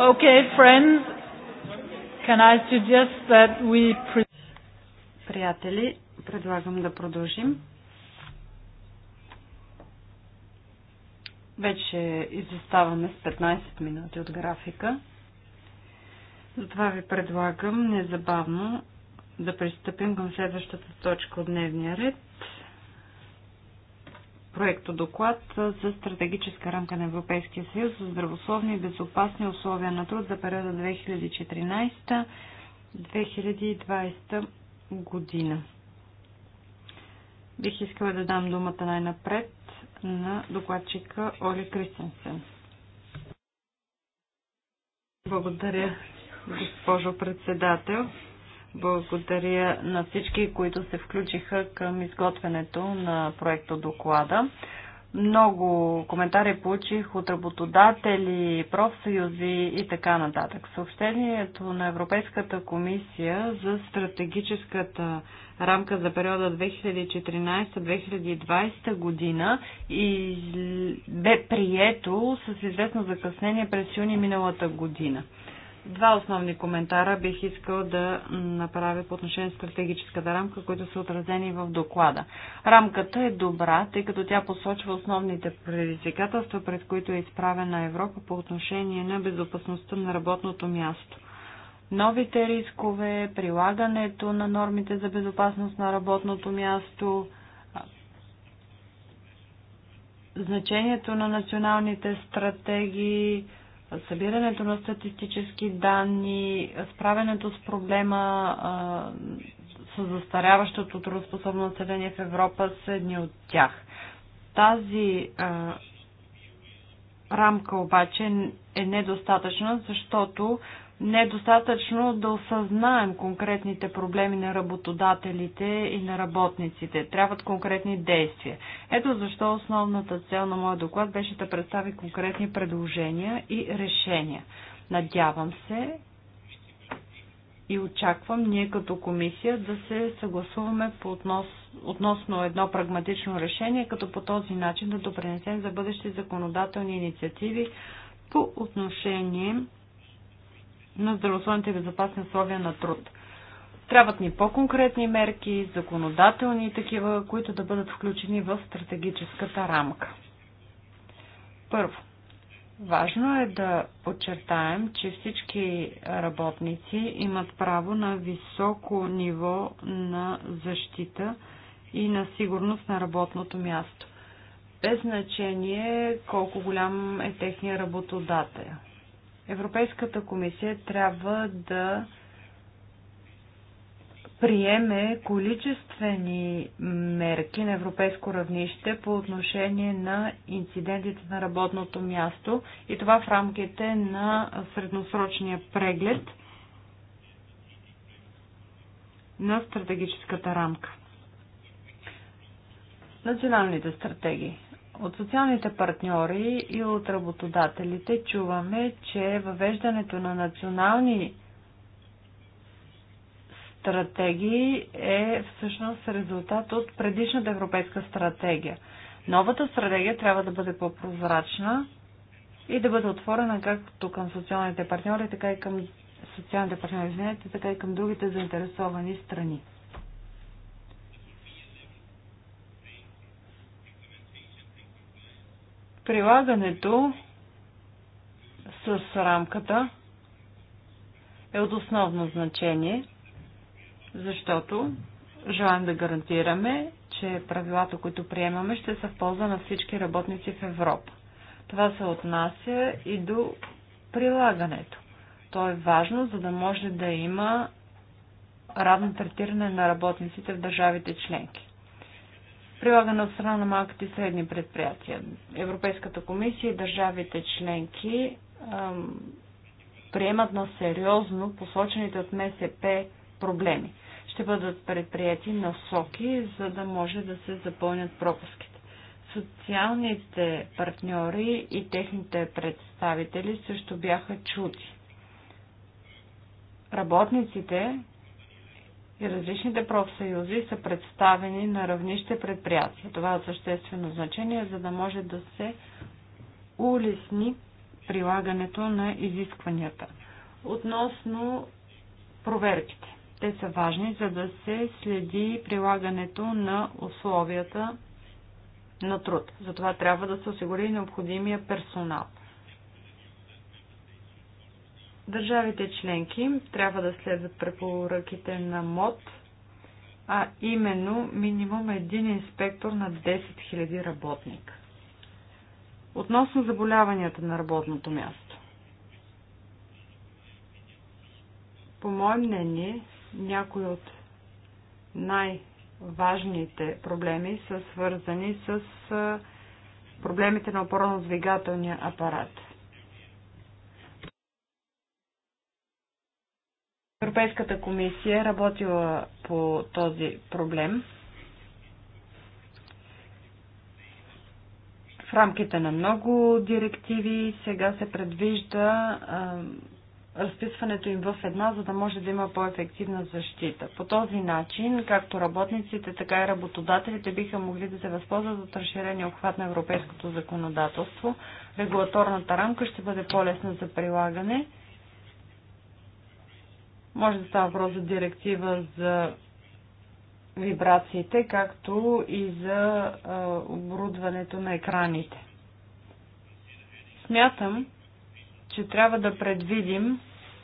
Okay, friends, can I suggest that we... Приятели, предлагам да продължим. Вече изоставаме с 15 минути от графика. Затова ви предлагам незабавно да пристъпим към следващата точка от дневния ред – проекто доклад за стратегическа рамка на Европейския съюз за здравословни и безопасни условия на труд за периода 2014-2020 година. Бих искала да дам думата най-напред на докладчика Оли Кристенсен. Благодаря, госпожо председател. Благодаря на всички, които се включиха към изготвянето на проекта доклада. Много коментари получих от работодатели, профсъюзи и така нататък. Съобщението на Европейската комисия за стратегическата рамка за периода 2014-2020 година и бе прието с известно закъснение през юни миналата година. Два основни коментара бих искал да направя по отношение на стратегическата рамка, които са отразени в доклада. Рамката е добра, тъй като тя посочва основните предизвикателства, пред които е изправена Европа по отношение на безопасността на работното място. Новите рискове, прилагането на нормите за безопасност на работното място, значението на националните стратегии, събирането на статистически данни, справянето с проблема а, с застаряващото трудоспособно население в Европа са едни от тях. Тази а, рамка обаче е недостатъчна, защото не е достатъчно да осъзнаем конкретните проблеми на работодателите и на работниците. Трябват конкретни действия. Ето защо основната цел на моя доклад беше да представи конкретни предложения и решения. Надявам се и очаквам ние като комисия да се съгласуваме по относ, относно едно прагматично решение, като по този начин да допринесем за бъдещи законодателни инициативи по отношение на здравословните и безопасни условия на труд. Трябват ни по-конкретни мерки, законодателни такива, които да бъдат включени в стратегическата рамка. Първо, важно е да подчертаем, че всички работници имат право на високо ниво на защита и на сигурност на работното място без значение колко голям е техния работодател. Европейската комисия трябва да приеме количествени мерки на европейско равнище по отношение на инцидентите на работното място и това в рамките на средносрочния преглед на стратегическата рамка. Националните стратегии. От социалните партньори и от работодателите чуваме, че въвеждането на национални стратегии е всъщност резултат от предишната европейска стратегия. Новата стратегия трябва да бъде по-прозрачна и да бъде отворена както към социалните партньори, така и към социалните партньори, извинете, така и към другите заинтересовани страни. Прилагането с рамката е от основно значение, защото желаем да гарантираме, че правилата, които приемаме, ще са в полза на всички работници в Европа. Това се отнася и до прилагането. То е важно, за да може да има равно третиране на работниците в държавите членки прилагана от страна на малките и средни предприятия. Европейската комисия и държавите членки ам, приемат на сериозно посочените от МСП проблеми. Ще бъдат предприяти насоки, за да може да се запълнят пропуските. Социалните партньори и техните представители също бяха чути. Работниците, и различните профсъюзи са представени на равнище предприятия. Това е от съществено значение, за да може да се улесни прилагането на изискванията. Относно проверките. Те са важни, за да се следи прилагането на условията на труд. Затова трябва да се осигури необходимия персонал. Държавите членки трябва да следват препоръките на МОД, а именно минимум един инспектор на 10 000 работник. Относно заболяванията на работното място. По мое мнение, някои от най-важните проблеми са свързани с проблемите на опорно-двигателния апарат – Европейската комисия е работила по този проблем в рамките на много директиви. Сега се предвижда а, разписването им в една, за да може да има по-ефективна защита. По този начин, както работниците, така и работодателите биха могли да се възползват от разширения обхват на европейското законодателство. Регулаторната рамка ще бъде по-лесна за прилагане може да става въпрос за директива за вибрациите, както и за оборудването на екраните. Смятам, че трябва да предвидим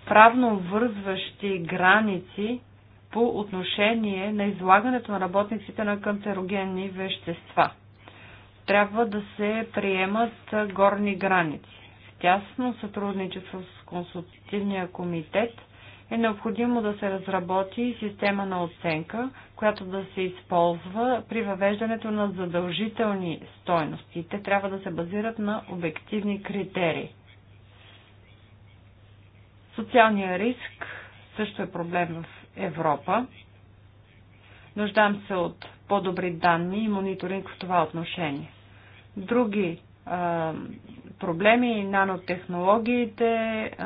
правно вързващи граници по отношение на излагането на работниците на канцерогенни вещества. Трябва да се приемат горни граници. В тясно сътрудничество с консултативния комитет – е необходимо да се разработи система на оценка, която да се използва при въвеждането на задължителни стойности. Те трябва да се базират на обективни критерии. Социалният риск също е проблем в Европа. Нуждам се от по-добри данни и мониторинг в това отношение. Други а, проблеми и нанотехнологиите,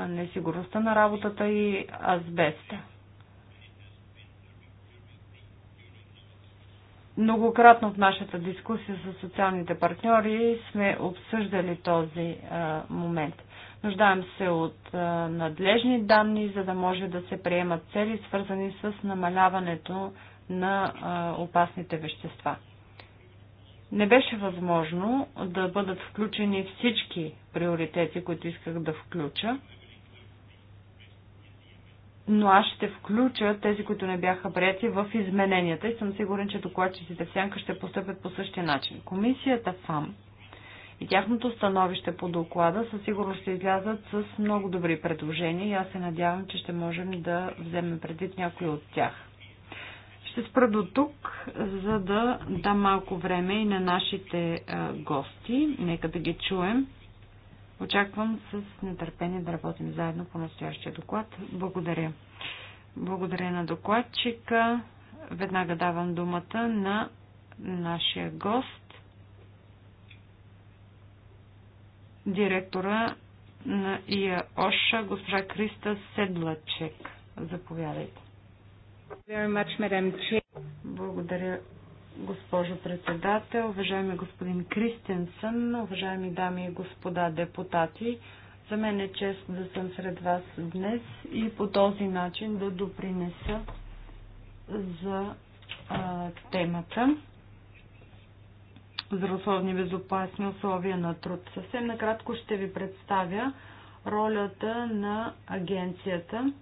несигурността на работата и азбеста. Многократно в нашата дискусия с социалните партньори сме обсъждали този а, момент. Нуждаем се от а, надлежни данни, за да може да се приемат цели, свързани с намаляването на а, опасните вещества не беше възможно да бъдат включени всички приоритети, които исках да включа, но аз ще включа тези, които не бяха прияти в измененията и съм сигурен, че докладчиците в сянка ще постъпят по същия начин. Комисията ФАМ и тяхното становище по доклада със сигурност ще излязат с много добри предложения и аз се надявам, че ще можем да вземем предвид някои от тях. Ще спра до тук, за да дам малко време и на нашите гости. Нека да ги чуем. Очаквам с нетърпение да работим заедно по настоящия доклад. Благодаря. Благодаря на докладчика. Веднага давам думата на нашия гост, директора на ИА ОША, госпожа Криста Седлачек. Заповядайте. Благодаря, госпожо председател, уважаеми господин Кристенсън, уважаеми дами и господа депутати. За мен е чест да съм сред вас днес и по този начин да допринеса за а, темата здравословни безопасни условия на труд. Съвсем накратко ще ви представя ролята на агенцията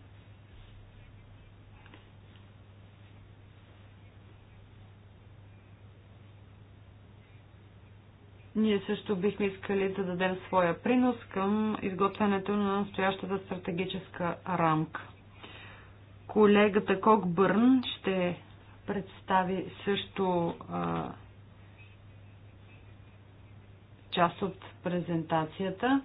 Ние също бихме искали да дадем своя принос към изготвянето на настоящата стратегическа рамка. Колегата Кокбърн ще представи също а, част от презентацията.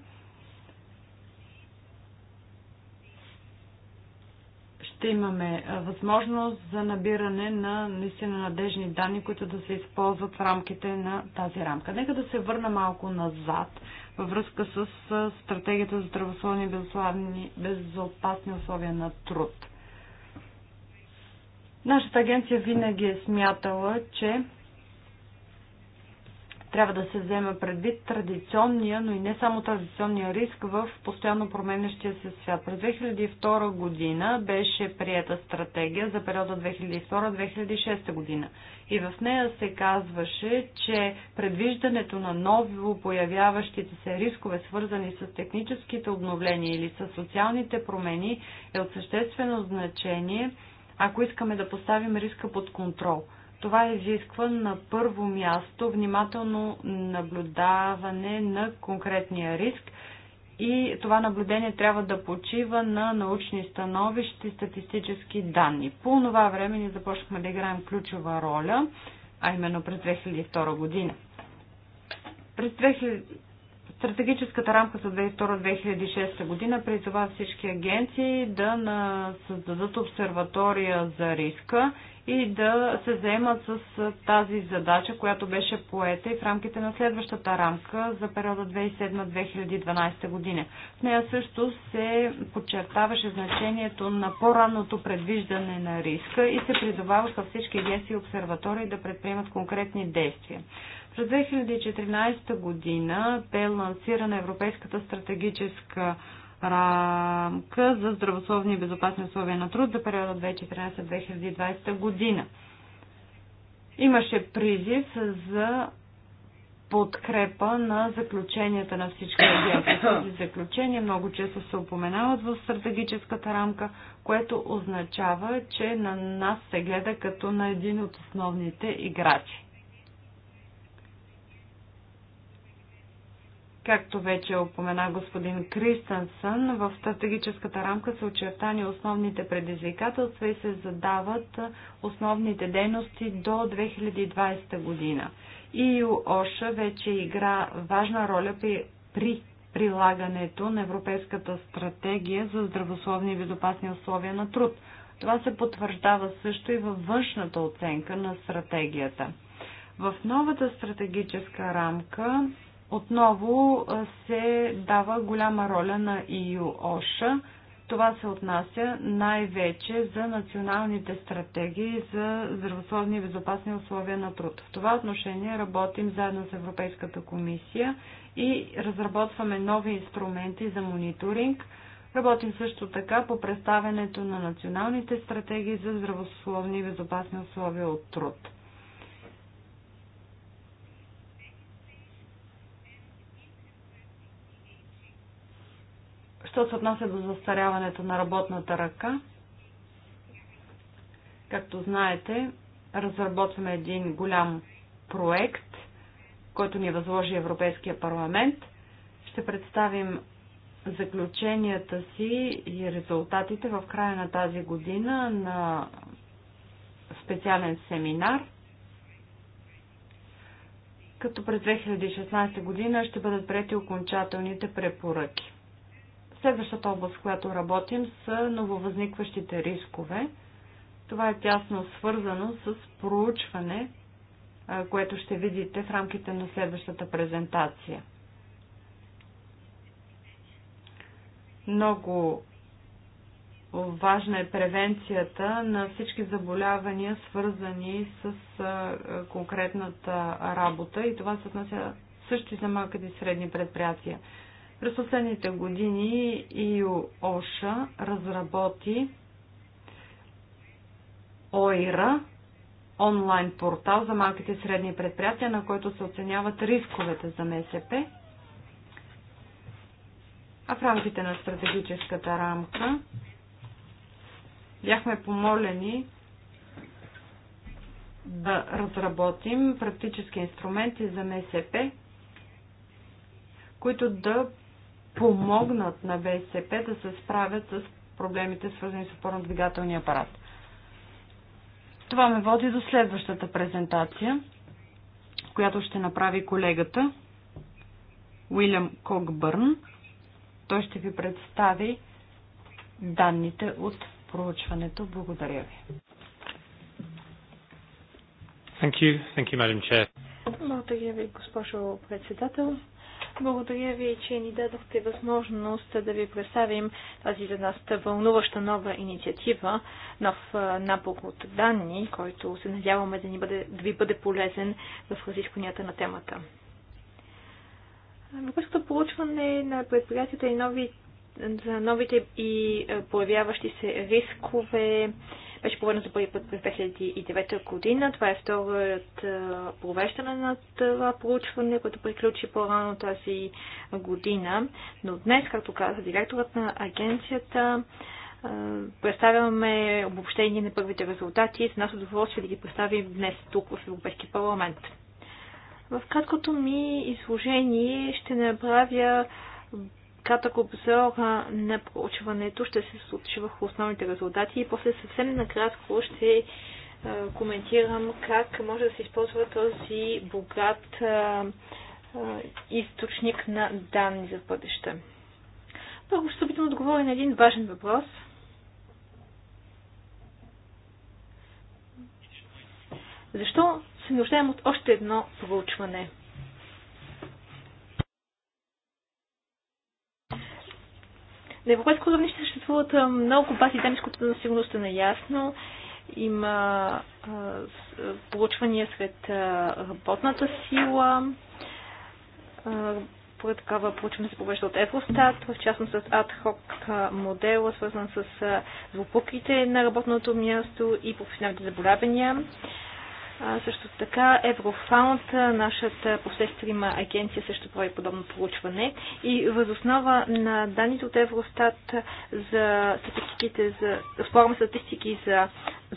ще имаме възможност за набиране на наистина надежни данни, които да се използват в рамките на тази рамка. Нека да се върна малко назад във връзка с стратегията за здравословни и безопасни условия на труд. Нашата агенция винаги е смятала, че трябва да се вземе предвид традиционния, но и не само традиционния риск в постоянно променящия се свят. През 2002 година беше приета стратегия за периода 2002-2006 година. И в нея се казваше, че предвиждането на ново появяващите се рискове, свързани с техническите обновления или с социалните промени, е от съществено значение, ако искаме да поставим риска под контрол – това изисква на първо място внимателно наблюдаване на конкретния риск и това наблюдение трябва да почива на научни становищи, статистически данни. По това време ние започнахме да играем ключова роля, а именно през 2002 година. През Стратегическата рамка за 2002-2006 година призова всички агенции да създадат обсерватория за риска и да се заемат с тази задача, която беше поета и в рамките на следващата рамка за периода 2007-2012 година. В нея също се подчертаваше значението на по-ранното предвиждане на риска и се призоваваха всички агенции и обсерватории да предприемат конкретни действия. През 2014 година те лансира на Европейската стратегическа рамка за здравословни и безопасни условия на труд за периода 2014-2020 година. Имаше призив за подкрепа на заключенията на всички агенции. Тези заключения много често се упоменават в стратегическата рамка, което означава, че на нас се гледа като на един от основните играчи. Както вече опомена господин Кристенсън, в стратегическата рамка са очертани основните предизвикателства и се задават основните дейности до 2020 година. и ОША вече игра важна роля при, при прилагането на Европейската стратегия за здравословни и безопасни условия на труд. Това се потвърждава също и във външната оценка на стратегията. В новата стратегическа рамка отново се дава голяма роля на ИУ ОША. Това се отнася най-вече за националните стратегии за здравословни и безопасни условия на труд. В това отношение работим заедно с Европейската комисия и разработваме нови инструменти за мониторинг. Работим също така по представянето на националните стратегии за здравословни и безопасни условия от труд. Що се отнася до застаряването на работната ръка, както знаете, разработваме един голям проект, който ни възложи Европейския парламент. Ще представим заключенията си и резултатите в края на тази година на специален семинар като през 2016 година ще бъдат прети окончателните препоръки. Следващата област, в която работим, са нововъзникващите рискове. Това е тясно свързано с проучване, което ще видите в рамките на следващата презентация. Много важна е превенцията на всички заболявания, свързани с конкретната работа и това се отнася също и за малките и средни предприятия. През последните години ИО ОША разработи ОИРА, онлайн портал за малките и средни предприятия, на който се оценяват рисковете за МСП. А в рамките на стратегическата рамка бяхме помолени да разработим практически инструменти за МСП, които да помогнат на БСП да се справят с проблемите, свързани с опорно-двигателния апарат. Това ме води до следващата презентация, която ще направи колегата Уилям Кокбърн. Той ще ви представи данните от проучването. Благодаря ви. Thank you. Thank you, Madam Chair. Благодаря ви, госпожо председател. Благодаря ви, че ни дадохте възможност да ви представим тази за нас вълнуваща нова инициатива, нов набор от данни, който се надяваме да, ни бъде, да ви бъде полезен в разискванията на темата. Европейското ами, получване на предприятията и нови, за новите и появяващи се рискове, беше проведено за първи път през 2009 година. Това е вторият провеждане на това проучване, което приключи по-рано тази година. Но днес, както каза директорът на агенцията, представяме обобщение на първите резултати и с нас е удоволствие да ги представим днес тук в Европейски парламент. В краткото ми изложение ще направя кратък обзор на проучването ще се случи върху основните резултати и после съвсем накратко ще коментирам как може да се използва този богат източник на данни за бъдеще. Първо ще се опитам да отговоря на един важен въпрос. Защо се нуждаем от още едно проучване? На европейско ще съществуват много бази данни, с които на сигурност е наясно. Има получвания сред работната сила. Поред такава получване се провежда от Евростат, в частност с адхок модела, свързан с злоупуките на работното място и професионалните заболявания. А, също така Еврофаунд, нашата посестрима агенция също прави подобно проучване и възоснова на данните от Евростат за статистиките за форма статистики за,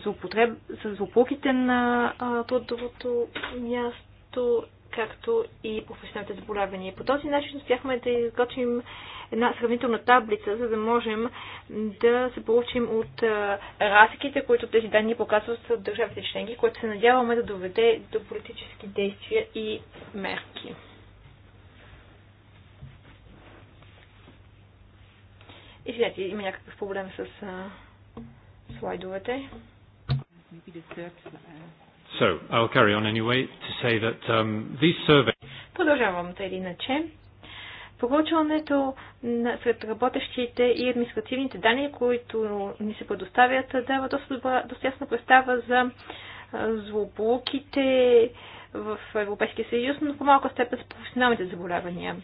злоупотреб, за злополуките на трудовото място както и професионалните заболявания. По този начин успяхме да изготвим една сравнителна таблица, за да можем да се получим от разликите, които тези данни показват от държавите членки, което се надяваме да доведе до политически действия и мерки. Извинете, има някакъв проблем с а, слайдовете. Maybe the third slide. Uh, So, I'll carry on anyway to say that um, these surveys... Продължавам тъй иначе. Проучването на сред работещите и административните данни, които ни се предоставят, дава доста, добра, доста ясна представа за злополуките в Европейския съюз, но по-малка степен с професионалните заболявания.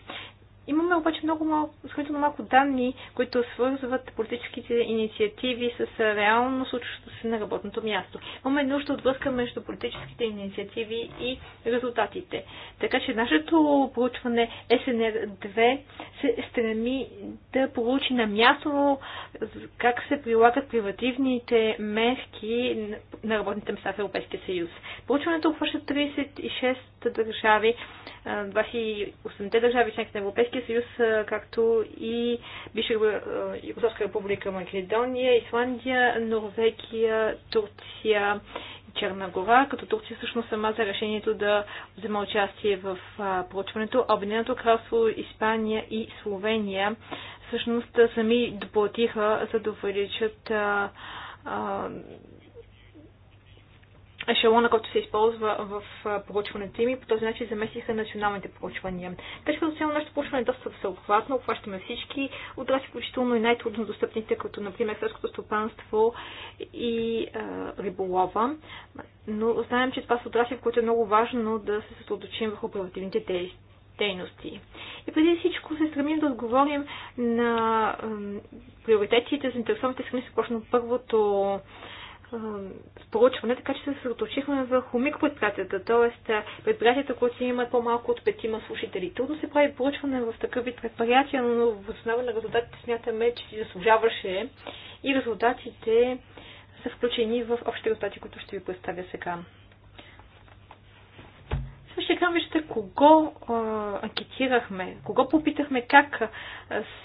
Имаме обаче много малко, малко данни, които свързват политическите инициативи с реално случващото се на работното място. Имаме нужда от връзка между политическите инициативи и резултатите. Така че нашето проучване СНР-2 се стреми да получи на място как се прилагат привативните мерки на работните места в Европейския съюз. Проучването обхваща 36 държави, 28 държави членки на Европейския Европейския съюз, както и Бивша Югославска република Македония, Исландия, Норвегия, Турция и Черна гора, като Турция всъщност сама за решението да взема участие в проучването. Обединеното кралство Испания и Словения всъщност сами доплатиха, за да увеличат ешелона, който се използва в проучването им и по този начин замесиха националните проучвания. Тъй като цяло нашето проучване е доста всеобхватно, обхващаме всички отрасли, включително и най-трудно достъпните, като например селското стопанство и а, риболова. Но знаем, че това са отрасли, в които е много важно да се съсредоточим върху оперативните действия дейности. И преди всичко се стремим да отговорим на м, приоритетите за интересованите страни, започна първото проучване, така че се съсредоточихме върху микропредприятията, т.е. предприятията, които имат по-малко от петима слушатели. Трудно се прави проучване в такъв вид предприятия, но в основа на резултатите смятаме, че си заслужаваше и резултатите са включени в общите резултати, които ще ви представя сега. Също така вижте кого а, анкетирахме, кого попитахме как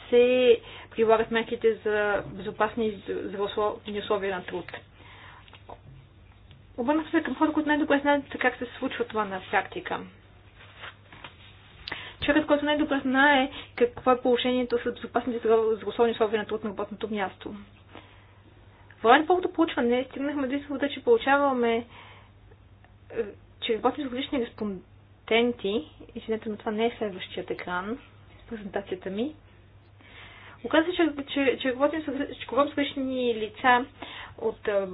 се прилагат мерките за безопасни здравословни условия на труд. Обърнах се към хора, които най-добре знаят как се случва това на практика. Човекът, който най-добре знае какво е положението с безопасните здравословни условия на труд на работното място. По време първото получване стигнахме до извода, че получаваме, е, че работим с различни респонденти, извинете, но това не е следващият екран, презентацията ми, Оказва се, че, че, работим с, че говорим с различни лица от а,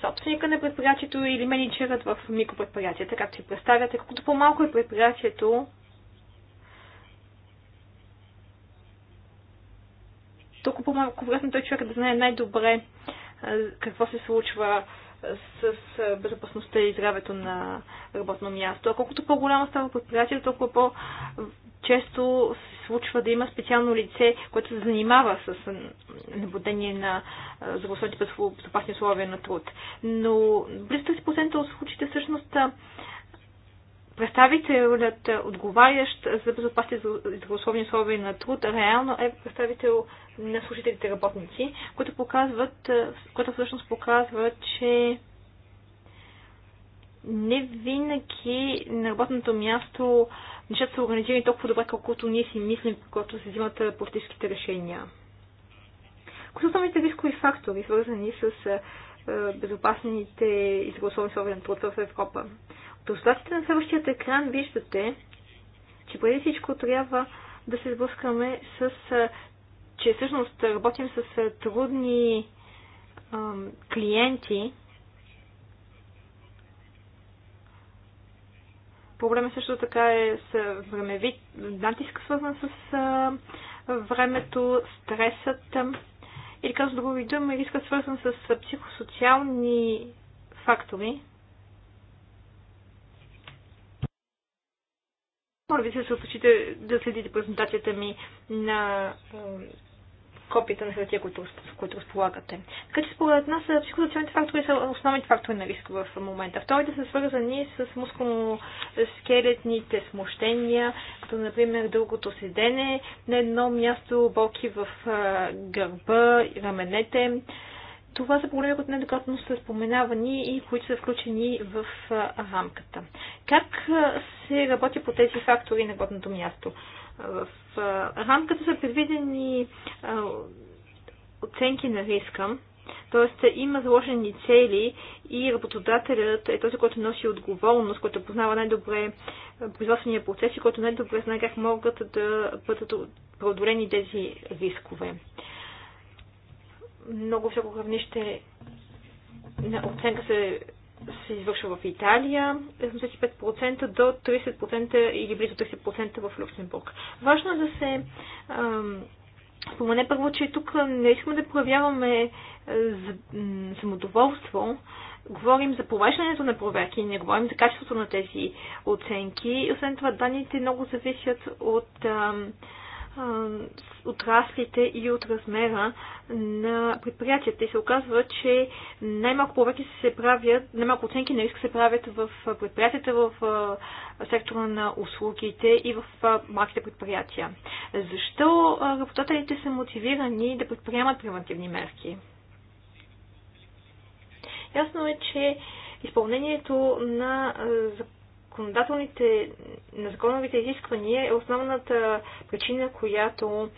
собственика на предприятието или менеджерът в микропредприятията, както си представяте. Колкото по-малко е предприятието, толкова по-малко вероятно той човек да знае най-добре какво се случва с безопасността и здравето на работно място. А колкото по-голямо става предприятието, толкова по-често се случва да има специално лице, което се занимава с наблюдение на здравословните безопасни условия на труд. Но близо 30% от случаите всъщност представителят, отговарящ за безопасни здравословни условия на труд, реално е представител на служителите работници, които показват, което всъщност показва, че не винаги на работното място нещата са организирани толкова добре, колкото ние си мислим, когато се взимат политическите решения. Кои са основните рискови фактори, свързани с безопасните и съгласовани условия на труд в Европа? Достатите на следващия екран виждате, че преди всичко трябва да се сблъскаме с, че всъщност работим с трудни ам, клиенти. Проблема също така е с времеви натиск, свързан с а, времето, стресът или казвам други думи, риска свързан с психосоциални фактори, Може би се съобщите да следите презентацията ми на е, копията на хартия, които, които разполагате. Така че според нас е, психосоциалните фактори са основните фактори на риск в момента. Вторите са свързани с мускулно-скелетните смущения, като например дългото седене на едно място, болки в е, гърба и раменете, това са проблеми, които неадекватно са споменавани и които са включени в рамката. Как се работи по тези фактори на годното място? В рамката са предвидени оценки на риска, т.е. има заложени цели и работодателят е този, който носи отговорност, който познава най-добре производствения процес и който най-добре знае как могат да бъдат преодолени тези рискове много високо равнище на оценка се, се извършва в Италия, 85% до 30% или близо 30% в Люксембург. Важно е да се спомене първо, че тук не искаме да проявяваме е, самодоволство, говорим за поваждането на проверки, не говорим за качеството на тези оценки. Освен това, данните много зависят от ам, отраслите и от размера на предприятията. И се оказва, че най-малко повече се правят, най-малко оценки на риска се правят в предприятията, в сектора на услугите и в малките предприятия. Защо работодателите са мотивирани да предприемат превентивни мерки? Ясно е, че изпълнението на законодателните, на законовите изисквания е основната причина, която,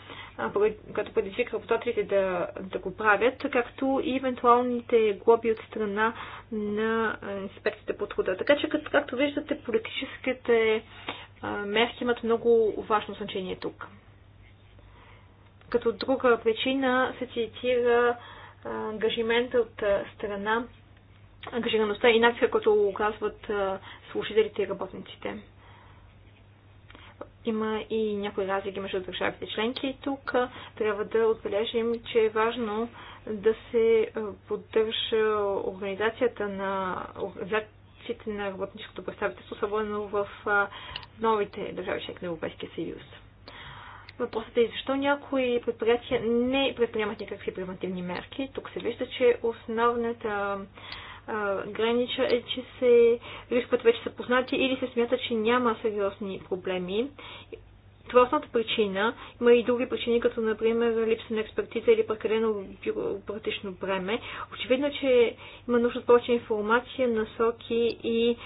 като предизвика работодателите да, да го правят, както и евентуалните глоби от страна на инспекциите по труда. Така че, като, както виждате, политическите мерки имат много важно значение тук. Като друга причина се цитира ангажимента от страна ангажираността и натиска, който оказват служителите и работниците. Има и някои разлики между държавите членки и тук трябва да отбележим, че е важно да се поддържа организацията на организациите на работническото представителство, особено в новите държави членки на Европейския съюз. Въпросът е защо някои предприятия не предприемат никакви превентивни мерки. Тук се вижда, че основната граница е, че се рискват вече са познати или се смята, че няма сериозни проблеми. Това е основната причина. Има и други причини, като например липса на експертиза или прекалено бюрократично бреме. Очевидно, че има нужда от повече информация, насоки и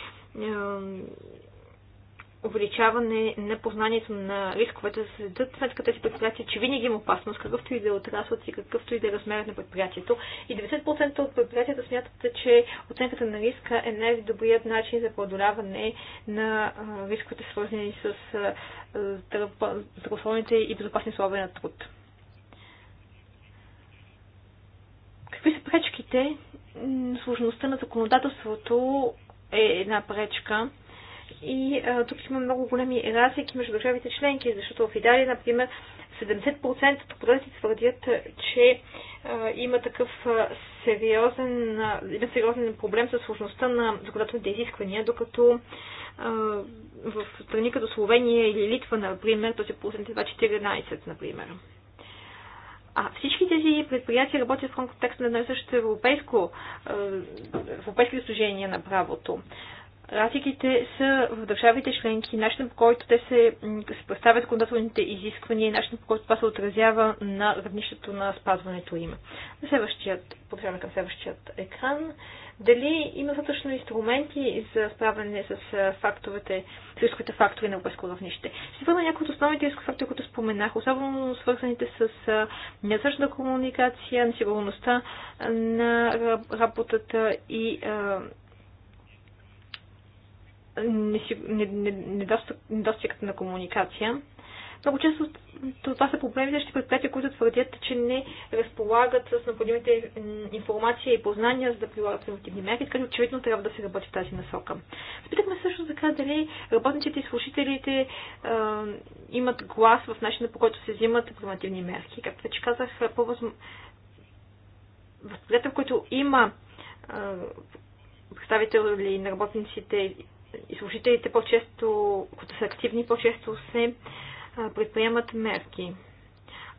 увеличаване на познанието на рисковете, за се след като тези предприятия, че винаги има опасност, какъвто и да е отраслът и какъвто и да е размерът на предприятието. И 90% от предприятията смятат, че оценката на риска е най-добрият начин за преодоляване на рисковете, свързани с здравословните и безопасни условия на труд. Какви са пречките? Сложността на законодателството е една пречка и а, тук има много големи разлики между държавите членки, защото в Италия, например, 70% от продавците твърдят, че а, има такъв сериозен, а, има сериозен проблем с сложността на законодателните изисквания, докато а, в страни като Словения или Литва, например, този процент е 2,14, например. А всички тези предприятия работят в контекст на едно и също европейско, европейски служение на правото разликите са в държавите членки, начинът по който те се представят законодателните изисквания и начинът по който това се отразява на равнището на спазването им. На следващият, подвижваме към следващият екран. Дали има достатъчно инструменти за справяне с фактовете, с рисковите фактори на европейско равнище? Ще върна някои от основните рискови фактори, които споменах, особено свързаните с недостатъчна комуникация, несигурността на работата и недостигът на комуникация. Много често това са проблемите ще предприятия, които твърдят, че не разполагат с необходимите информация и познания, за да прилагат превентивни мерки, така че очевидно трябва да се работи в тази насока. Спитахме също така дали работниците и служителите а, имат глас в начина по който се взимат превентивни мерки. Както вече казах, по възможно в който които има а, представители на работниците и служителите по-често, които са активни, по-често се предприемат мерки.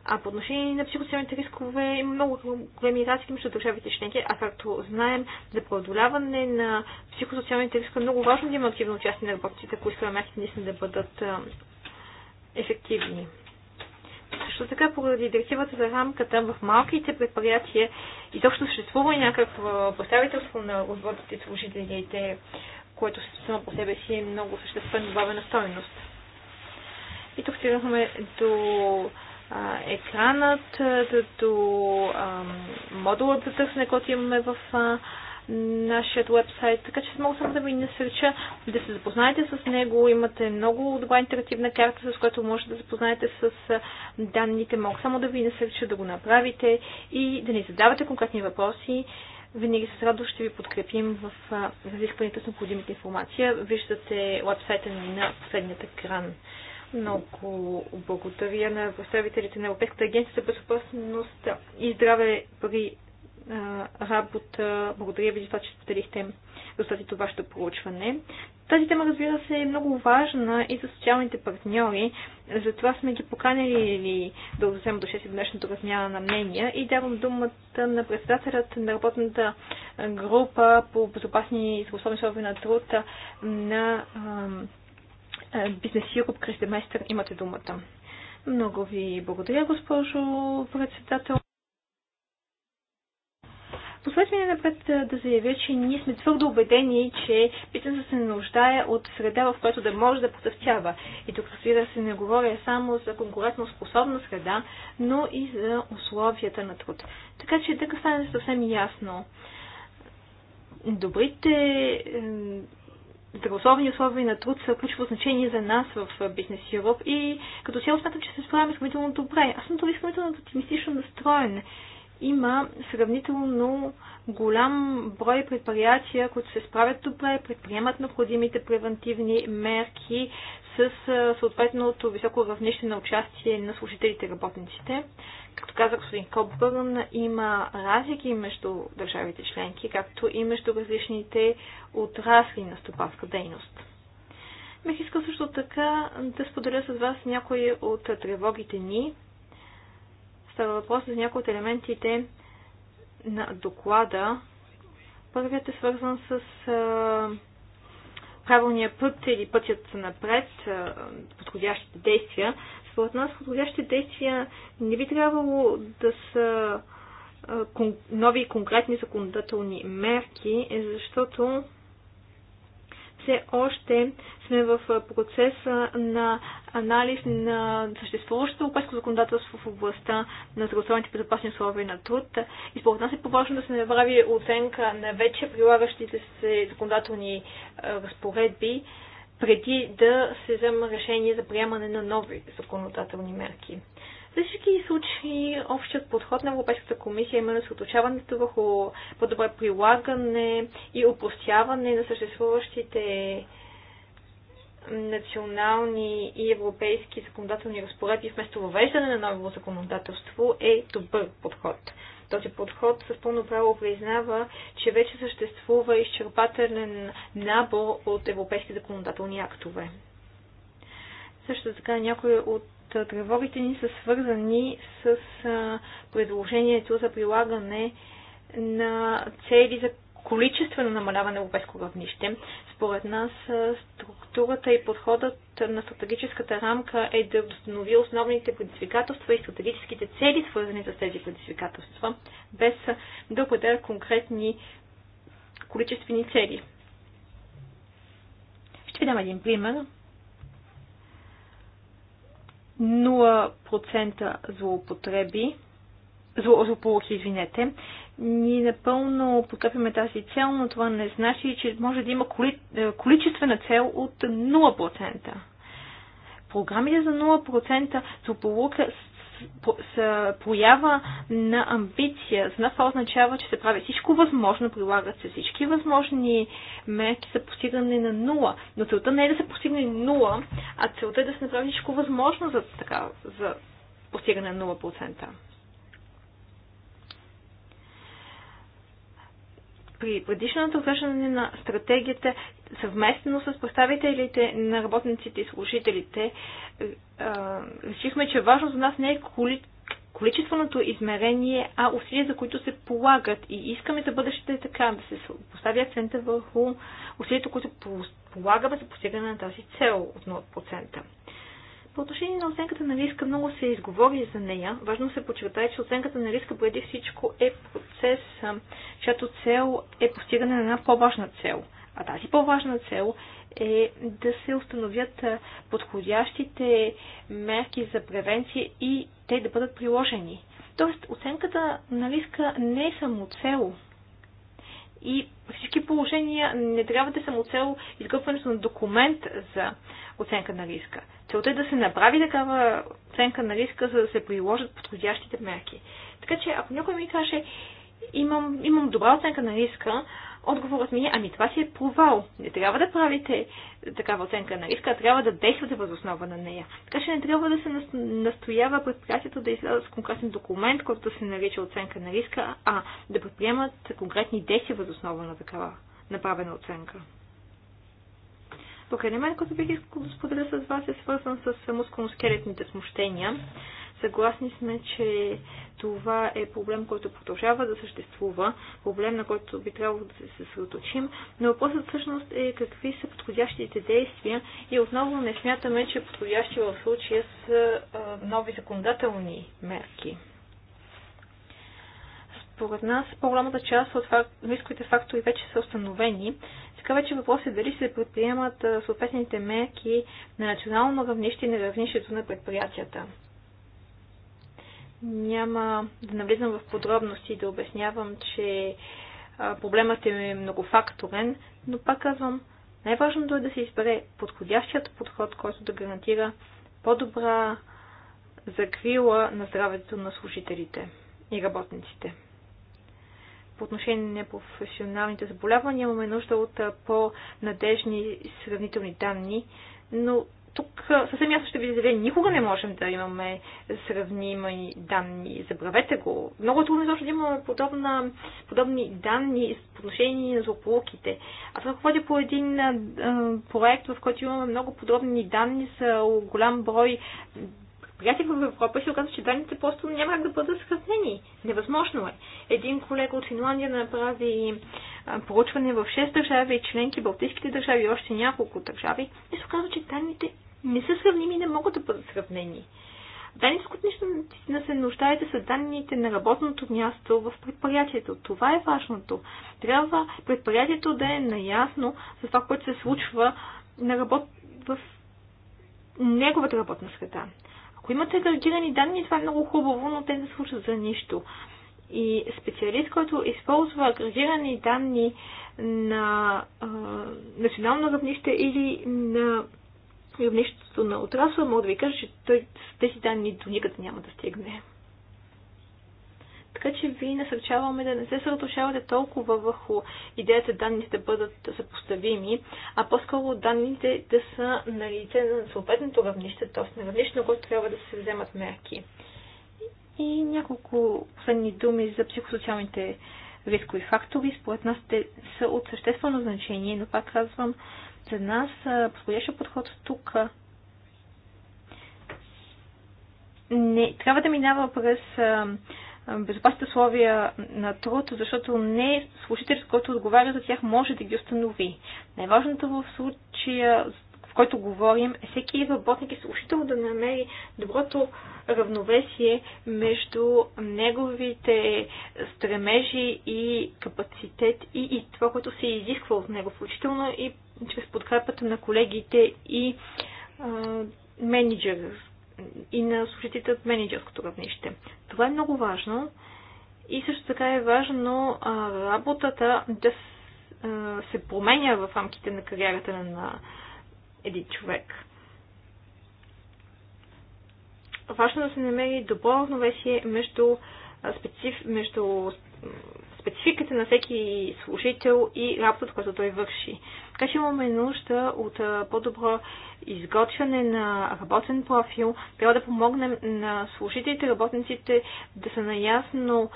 А по отношение на психосоциалните рискове има много големи разлики между държавите членки, а както знаем, за преодоляване на психосоциалните рискове е много важно да има активно участие на работниците, ако искаме мерките наистина да бъдат ефективни. Също така, поради директивата за рамката в малките предприятия изобщо съществува някакво представителство на работите служителите което само по себе си е много съществена добавена стойност. И тук стигнахме до а, екранът, до а, модулът за търсене, който имаме в а, нашия вебсайт, така че мога само да ви насреча да се запознаете с него. Имате много добра интерактивна карта, с която може да запознаете с данните. Мога само да ви насреча да го направите и да ни задавате конкретни въпроси. Винаги с радост ще ви подкрепим в разискването с необходимата информация. Виждате вебсайта ни на последният екран. Много благодаря на представителите на Европейската агенция за безопасност и здраве при работа. Благодаря ви за това, че споделихте резултатите от вашето проучване. Тази тема, разбира се, е много важна и за социалните партньори. Затова сме ги поканили да вземем до 6 днешното размяна на мнения и давам думата на председателят на работната група по безопасни и способни слови на труд на Бизнес Юруп Майстър. Имате думата. Много ви благодаря, госпожо председател. Последствие напред да заявя, че ние сме твърдо убедени, че бизнесът се нуждае от среда, в която да може да потъвчава. И тук разбира да се не говоря само за конкурентно способна среда, но и за условията на труд. Така че така стане съвсем ясно. Добрите здравословни условия на труд са ключово значение за нас в Бизнес Европа. и като цяло смятам, че се справяме сравнително добре. Аз съм дори сравнително оптимистично настроен има сравнително голям брой предприятия, които се справят добре, предприемат необходимите превентивни мерки с съответното високо равнище на участие на служителите и работниците. Както каза господин Копбърн, има разлики между държавите членки, както и между различните отрасли на стопанска дейност. Бих искал също така да споделя с вас някои от тревогите ни, Става въпрос за някои от елементите на доклада. Първият е свързан с а, правилния път или пътят напред, а, подходящите действия. Според нас подходящите действия не би трябвало да са а, кон, нови конкретни законодателни мерки, е защото все още сме в процеса на анализ на съществуващото европейско законодателство в областта на здравословните безопасни условия на труд. И според нас е по-важно да се направи оценка на вече прилагащите се законодателни разпоредби, преди да се взема решение за приемане на нови законодателни мерки. За всички случаи, общият подход на Европейската комисия е именно съоточаването върху по-добре прилагане и опростяване на съществуващите национални и европейски законодателни разпоредби вместо въвеждане на ново законодателство е добър подход. Този подход с пълно право признава, че вече съществува изчерпателен набор от европейски законодателни актове. Също така някои от тревогите ни са свързани с предложението за прилагане на цели за количествено намаляване на европейско равнище. Според нас структурата и подходът на стратегическата рамка е да установи основните предизвикателства и стратегическите цели, свързани с тези предизвикателства, без да определя конкретни количествени цели. Ще ви дам един пример. 0% злоупотреби, зло, злополуки, извинете. Ние напълно подкрепяме тази цел, но това не значи, че може да има коли, е, количествена цел от 0%. Програмите за 0% злополука се проява на амбиция. За нас това означава, че се прави всичко възможно, прилагат се всички възможни мерки за постигане на нула. Но целта не е да се постигне нула, а целта е да се направи всичко възможно за, така, за постигане на 0%. при предишното обсъждане на стратегията съвместно с представителите на работниците и служителите е, е, решихме, че важно за нас не е коли... количественото измерение, а усилията, които се полагат. И искаме да бъдещето е така, да се постави акцента върху усилията, които полагаме за постигане на тази цел от 0%. По отношение на оценката на риска много се изговори за нея. Важно се подчертае, че оценката на риска преди всичко е процес, чиято цел е постигане на една по-важна цел. А тази по-важна цел е да се установят подходящите мерки за превенция и те да бъдат приложени. Тоест, оценката на риска не е само цел, и всички положения не трябва да са му цел изготвянето на документ за оценка на риска. Целта е да се направи такава оценка на риска, за да се приложат подходящите мерки. Така че, ако някой ми каже, имам, имам добра оценка на риска, Отговорът ми е, ами това си е провал. Не трябва да правите такава оценка на риска, а трябва да действате въз основа на нея. Така че не трябва да се настоява предприятието да излязат с конкретен документ, който да се нарича оценка на риска, а да предприемат конкретни действия въз основа на такава направена оценка. Друг елемент, който бих искал да споделя с вас е свързан с мускулно-скелетните смущения. Съгласни сме, че това е проблем, който продължава да съществува, проблем, на който би трябвало да се съсредоточим, но въпросът всъщност е какви са подходящите действия и отново не смятаме, че подходящи в случая са нови законодателни мерки. Според нас по-голямата част от рисковите фактори вече са установени. Така вече въпрос е дали се предприемат съответните мерки на национално равнище и на равнището на предприятията. Няма да навлизам в подробности да обяснявам, че проблемът е многофакторен, но пак казвам, най-важното е да се избере подходящият подход, който да гарантира по-добра закрила на здравето на служителите и работниците. По отношение на професионалните заболявания имаме нужда от по-надежни сравнителни данни, но тук съвсем ясно ще ви заявя, никога не можем да имаме сравними данни. Забравете го. Много е трудно изобщо да имаме подобна, подобни данни с отношение на злополуките. Аз ръководя е по един а, проект, в който имаме много подробни данни с голям брой предприятия в Европа и се оказа, че данните просто няма как да бъдат сравнени. Невъзможно е. Един колега от Финландия направи проучване в 6 държави членки, Балтийските държави и още няколко държави и се оказа, че данните не са сравними и не могат да бъдат сравнени. Данните, с които наистина се нуждаете, са данните на работното място в предприятието. Това е важното. Трябва предприятието да е наясно за това, което се случва на работ... в неговата работна среда. Ако имате агрегирани данни, това е много хубаво, но те не служат за нищо. И специалист, който използва агрегирани данни на а, национално равнище или на равнището на отрасъл, мога да ви кажа, че той, с тези данни до никъде няма да стигне. Така че ви насърчаваме да не се съртушавате толкова върху идеята данните да бъдат съпоставими, а по-скоро данните да са на лице на съответното равнище, т.е. на равнище, на което трябва да се вземат мерки. И няколко последни думи за психосоциалните рискови фактори. Според нас те са от съществено значение, но пак казвам, за нас подходящия подход тук не, трябва да минава през безопасните условия на труд, защото не служителят, който отговаря за тях, може да ги установи. Най-важното в случая, в който говорим, е всеки работник и служител да намери доброто равновесие между неговите стремежи и капацитет и, и това, което се изисква от него, включително и чрез подкрепата на колегите и а, менеджера, и на служителите от менеджерското равнище. Това е много важно и също така е важно а, работата да а, се променя в рамките на кариерата на един човек. Важно е да се намери добро равновесие между, специф, между спецификата на всеки служител и работата, която той върши. Така че имаме нужда от по-добро изготвяне на работен профил. Трябва да помогнем на служителите, работниците да са наясно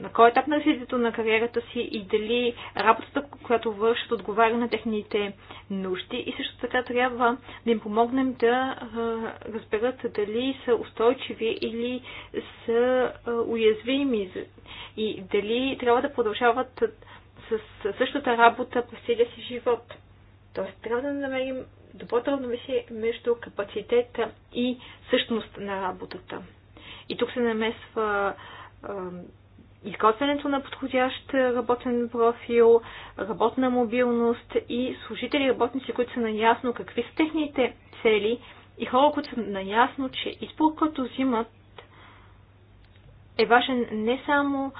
на кой етап на развитието на кариерата си и дали работата, която вършат, отговаря на техните нужди. И също така трябва да им помогнем да разберат дали са устойчиви или са уязвими и дали трябва да продължават с същата работа през целия си живот. Тоест, трябва да намерим доброто равновесие между капацитета и същност на работата. И тук се намесва изготвянето на подходящ работен профил, работна мобилност и служители, работници, които са наясно какви са техните цели и хора, които са наясно, че избор, който взимат, е важен не само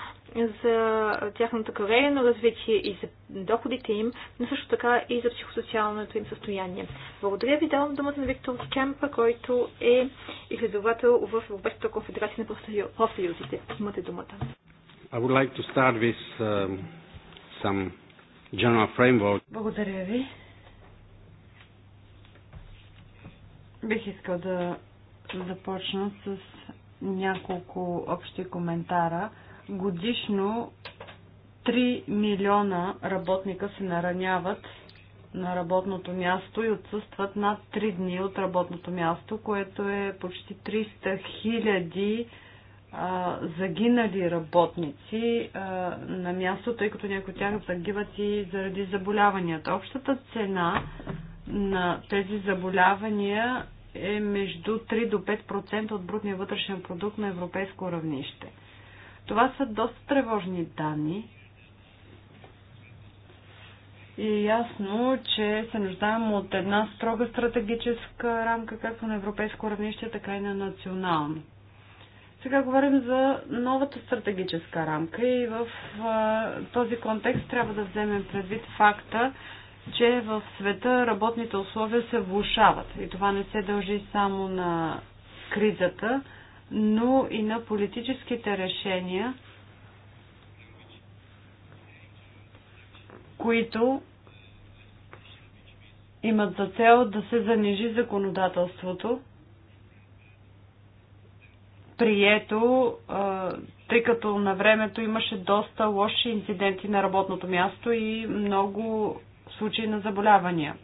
за тяхната кариера развитие и за доходите им, но също така и за психосоциалното им състояние. Благодаря ви, давам думата на Виктор Кемпа, който е изследовател в Европейската конфедерация на профсъюзите. Имате думата. I would like to start with um, some general framework. Благодаря ви. Бих искал да започна с няколко общи коментара. Годишно 3 милиона работника се нараняват на работното място и отсъстват над 3 дни от работното място, което е почти 300 хиляди загинали работници а, на място, тъй като някои от тях загиват и заради заболяванията. Общата цена на тези заболявания е между 3 до 5% от брутния вътрешен продукт на европейско равнище. Това са доста тревожни данни и е ясно, че се нуждаем от една строга стратегическа рамка, както на европейско равнище, така и на национално. Сега говорим за новата стратегическа рамка и в този контекст трябва да вземем предвид факта, че в света работните условия се влушават. И това не се дължи само на кризата, но и на политическите решения, които имат за цел да се занижи законодателството, прието, тъй като на времето имаше доста лоши инциденти на работното място и много случай на заболявания.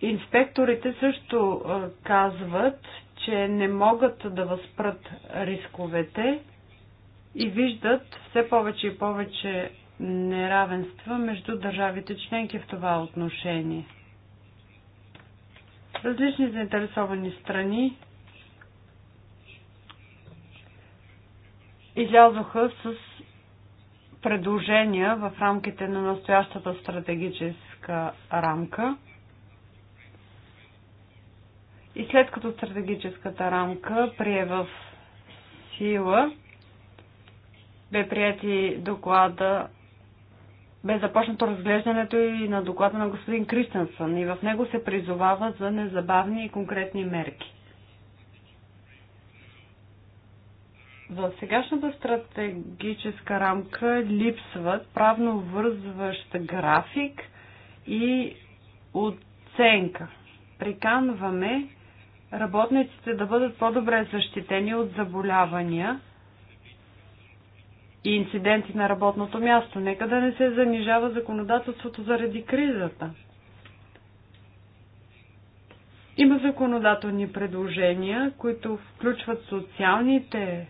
Инспекторите също казват, че не могат да възпрат рисковете и виждат все повече и повече неравенства между държавите членки в това отношение. Различни заинтересовани страни излязоха с предложения в рамките на настоящата стратегическа рамка. И след като стратегическата рамка прие в сила, бе прияти доклада, бе започнато разглеждането и на доклада на господин Кристенсън и в него се призовава за незабавни и конкретни мерки. В сегашната стратегическа рамка липсват правно вързващ график и оценка. Приканваме работниците да бъдат по-добре защитени от заболявания и инциденти на работното място. Нека да не се занижава законодателството заради кризата. Има законодателни предложения, които включват социалните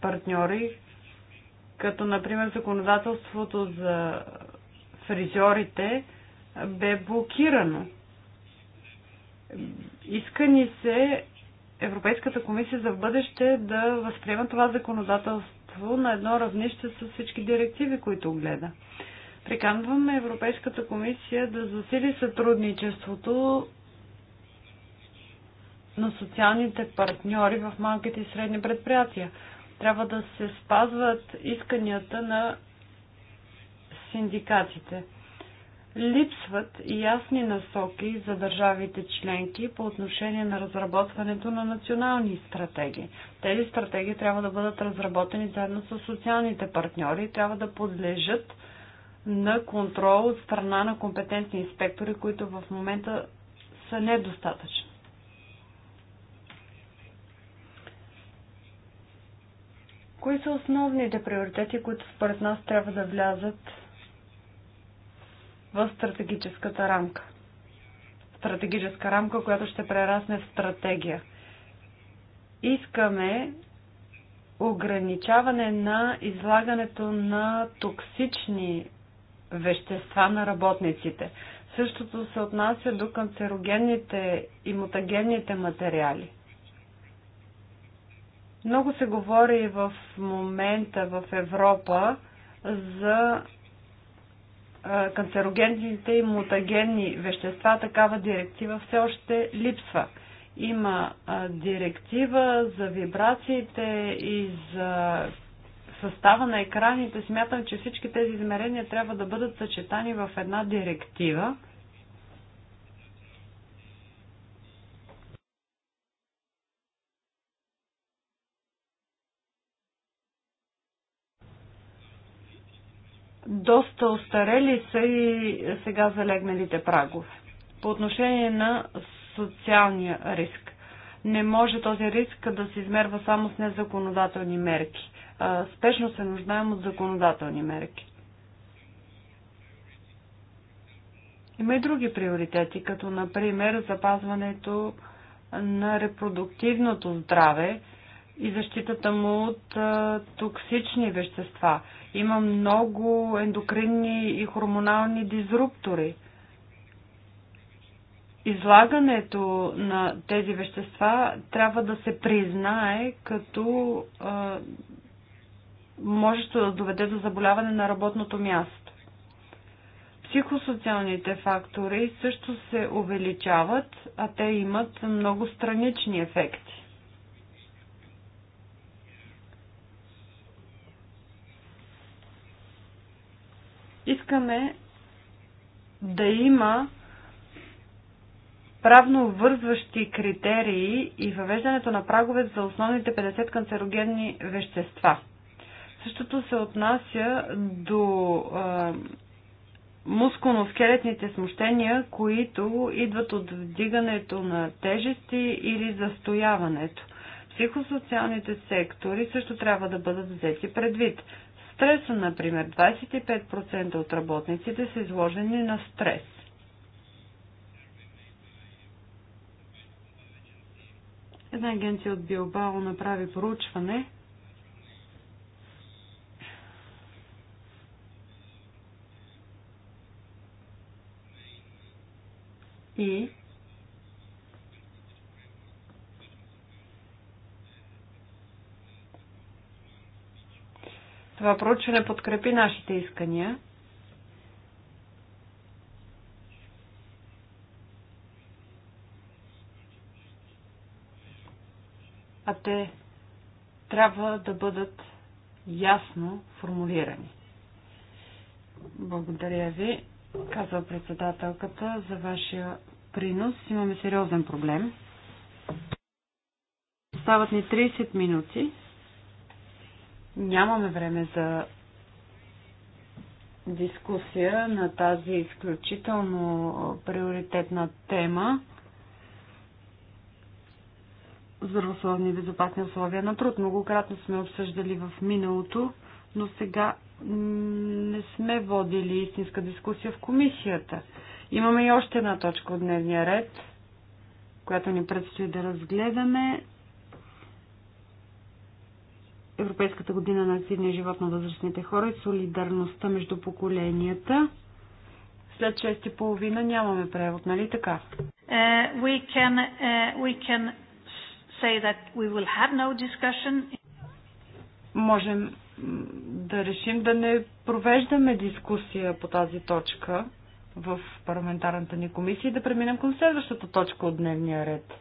партньори, като например законодателството за фризьорите бе блокирано. Иска ни се Европейската комисия за бъдеще да възприема това законодателство на едно равнище с всички директиви, които гледа. Приканваме Европейската комисия да засили сътрудничеството на социалните партньори в малките и средни предприятия. Трябва да се спазват исканията на синдикатите. Липсват и ясни насоки за държавите членки по отношение на разработването на национални стратегии. Тези стратегии трябва да бъдат разработени заедно с социалните партньори и трябва да подлежат на контрол от страна на компетентни инспектори, които в момента са недостатъчни. Кои са основните приоритети, които според нас трябва да влязат в стратегическата рамка? Стратегическа рамка, която ще прерасне в стратегия. Искаме ограничаване на излагането на токсични вещества на работниците. Същото се отнася до канцерогенните и мутагенните материали. Много се говори в момента в Европа за канцерогенните и мутагенни вещества. Такава директива все още липсва. Има директива за вибрациите и за състава на екраните. Смятам, че всички тези измерения трябва да бъдат съчетани в една директива – доста остарели са и сега залегналите прагове. По отношение на социалния риск. Не може този риск да се измерва само с незаконодателни мерки. Спешно се нуждаем от законодателни мерки. Има и други приоритети, като например запазването на репродуктивното здраве и защитата му от токсични вещества – има много ендокринни и хормонални дизруптори. Излагането на тези вещества трябва да се признае като а, можещо да доведе до заболяване на работното място. Психосоциалните фактори също се увеличават, а те имат много странични ефекти. Искаме да има правно вързващи критерии и въвеждането на прагове за основните 50 канцерогенни вещества. Същото се отнася до а, мускулно-скелетните смущения, които идват от вдигането на тежести или застояването. Психосоциалните сектори също трябва да бъдат взети предвид стреса, например, 25% от работниците са изложени на стрес. Една агенция от Билбао направи поручване, и Това проучване подкрепи нашите искания. А те трябва да бъдат ясно формулирани. Благодаря ви, казва председателката, за вашия принос. Имаме сериозен проблем. Остават ни 30 минути. Нямаме време за дискусия на тази изключително приоритетна тема здравословни и безопасни условия на труд. Многократно сме обсъждали в миналото, но сега не сме водили истинска дискусия в комисията. Имаме и още една точка от дневния ред, която ни предстои да разгледаме. Европейската година на активния живот на възрастните хора и солидарността между поколенията. След 6 половина нямаме превод, нали така? Uh, we can, uh, we can say that we will have no discussion. Можем да решим да не провеждаме дискусия по тази точка в парламентарната ни комисия и да преминем към следващата точка от дневния ред.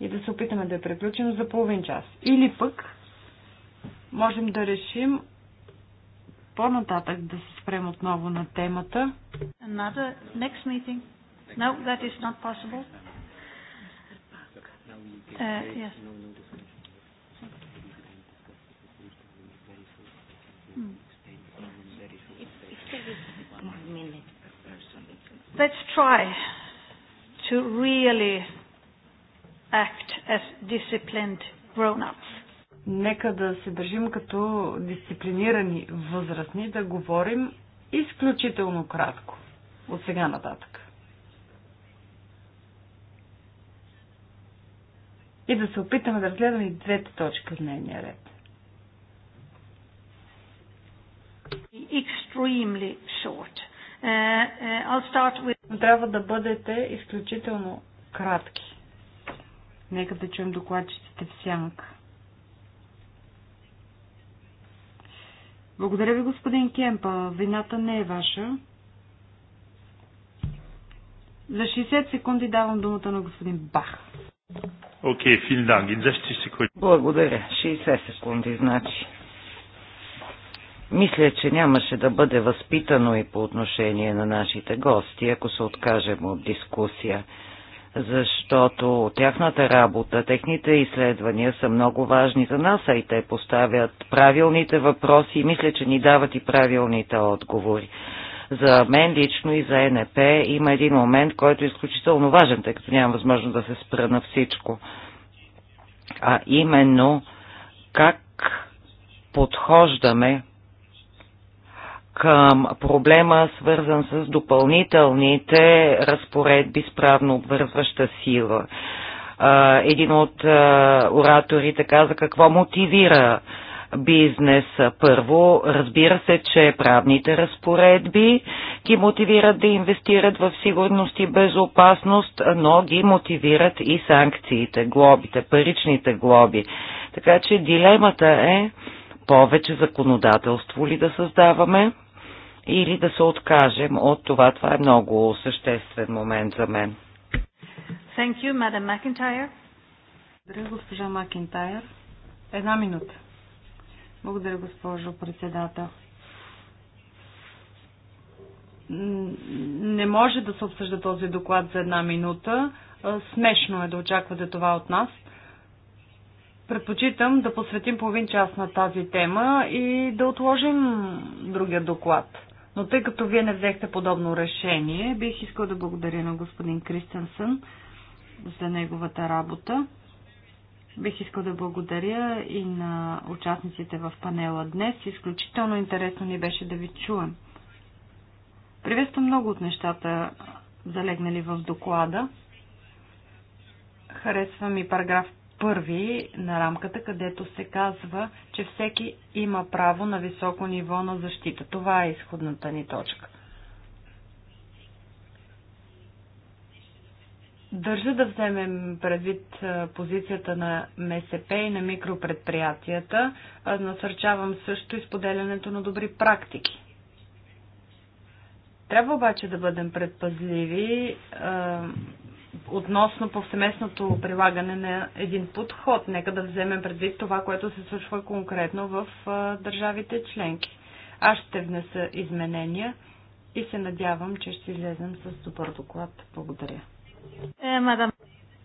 И да се опитаме да я приключим за половин час. Или пък можем да решим по-нататък да се спрем отново на темата. Another next meeting. No, that is not possible. Uh, yes. Let's try to really act as disciplined grown-ups нека да се държим като дисциплинирани възрастни, да говорим изключително кратко от сега нататък. И да се опитаме да разгледаме и двете точки в нейния ред. Extremely short. Uh, uh, I'll start with... Трябва да бъдете изключително кратки. Нека да чуем докладчиците в сянка. Благодаря ви, господин Кемпа. Вината не е ваша. За 60 секунди давам думата на господин Бах. Окей, okay, Dank. In секунди. Благодаря. 60 секунди, значи. Мисля, че нямаше да бъде възпитано и по отношение на нашите гости, ако се откажем от дискусия защото тяхната работа, техните изследвания са много важни за нас, а и те поставят правилните въпроси и мисля, че ни дават и правилните отговори. За мен лично и за НП има един момент, който е изключително важен, тъй като нямам възможност да се спра на всичко. А именно как подхождаме към проблема, свързан с допълнителните разпоредби с правно обвързваща сила. Един от ораторите каза какво мотивира бизнеса. Първо, разбира се, че правните разпоредби ги мотивират да инвестират в сигурност и безопасност, но ги мотивират и санкциите, глобите, паричните глоби. Така че дилемата е повече законодателство ли да създаваме, или да се откажем от това. Това е много съществен момент за мен. Thank you, Madam McIntyre. Благодаря, госпожа Макентайер. Една минута. Благодаря, госпожо председател. Не може да се обсъжда този доклад за една минута. Смешно е да очаквате това от нас. Предпочитам да посветим половин час на тази тема и да отложим другия доклад. Но тъй като вие не взехте подобно решение, бих искал да благодаря на господин Кристенсън за неговата работа. Бих искал да благодаря и на участниците в панела днес. Изключително интересно ни беше да ви чуем. Приветствам много от нещата, залегнали в доклада. Харесва ми параграф първи на рамката, където се казва, че всеки има право на високо ниво на защита. Това е изходната ни точка. Държа да вземем предвид позицията на МСП и на микропредприятията. Насърчавам също изподелянето на добри практики. Трябва обаче да бъдем предпазливи относно повсеместното прилагане на един подход. Нека да вземем предвид това, което се случва конкретно в държавите членки. Аз ще внеса изменения и се надявам, че ще излезем с добър доклад. Благодаря. Е, мадам.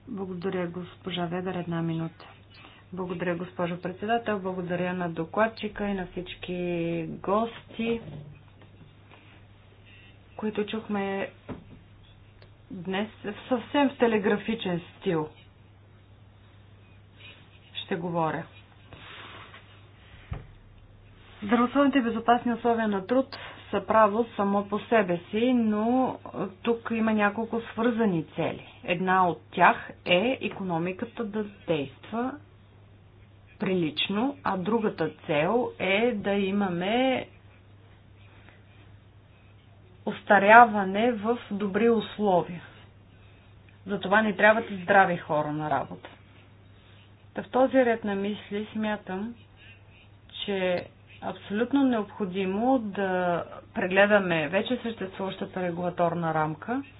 Благодаря, госпожа Ведър. Една минута. Благодаря, госпожо председател. Благодаря на докладчика и на всички гости, които чухме днес съвсем в телеграфичен стил ще говоря. Здравословните безопасни условия на труд са право само по себе си, но тук има няколко свързани цели. Една от тях е економиката да действа прилично, а другата цел е да имаме остаряване в добри условия. Затова ни трябват здрави хора на работа. Та в този ред на мисли смятам, че е абсолютно необходимо да прегледаме вече съществуващата регулаторна рамка –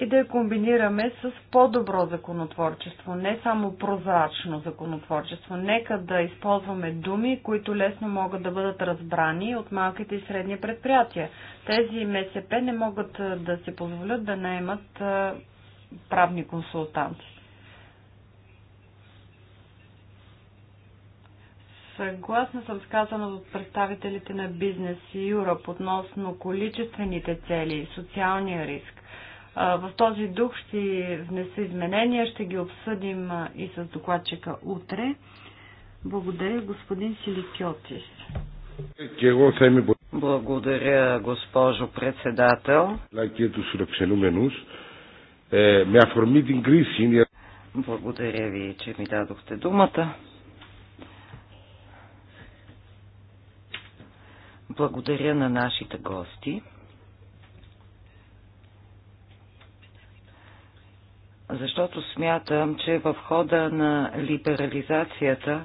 и да я комбинираме с по-добро законотворчество, не само прозрачно законотворчество. Нека да използваме думи, които лесно могат да бъдат разбрани от малките и средни предприятия. Тези МСП не могат да се позволят да наемат правни консултанти. Съгласна съм с казано от представителите на бизнес и Юрап относно количествените цели и социалния риск. В този дух ще внеса изменения, ще ги обсъдим и с докладчика утре. Благодаря, господин Силикиотис. Благодаря, госпожо председател. Е, Благодаря ви, че ми дадохте думата. Благодаря на нашите гости. защото смятам, че в хода на либерализацията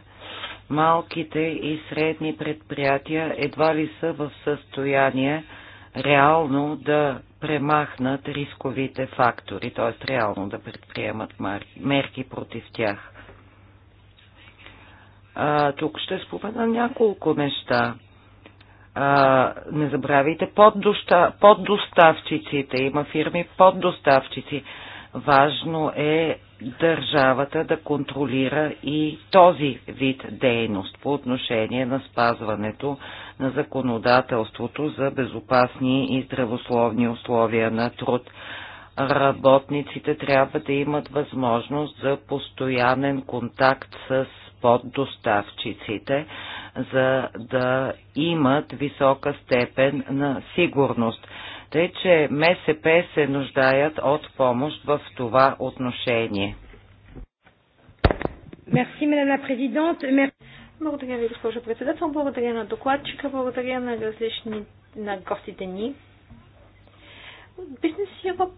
малките и средни предприятия едва ли са в състояние реално да премахнат рисковите фактори, т.е. реално да предприемат мерки против тях. А, тук ще спомена няколко неща. А, не забравяйте поддоставчиците. Има фирми поддоставчици. доставчици Важно е държавата да контролира и този вид дейност по отношение на спазването на законодателството за безопасни и здравословни условия на труд. Работниците трябва да имат възможност за постоянен контакт с поддоставчиците, за да имат висока степен на сигурност Факт е, че МСП се нуждаят от помощ в това отношение. Мерси, мадам президент. Благодаря ви, госпожо председател. Благодаря на докладчика, благодаря на различни на гостите ни. Бизнес Европ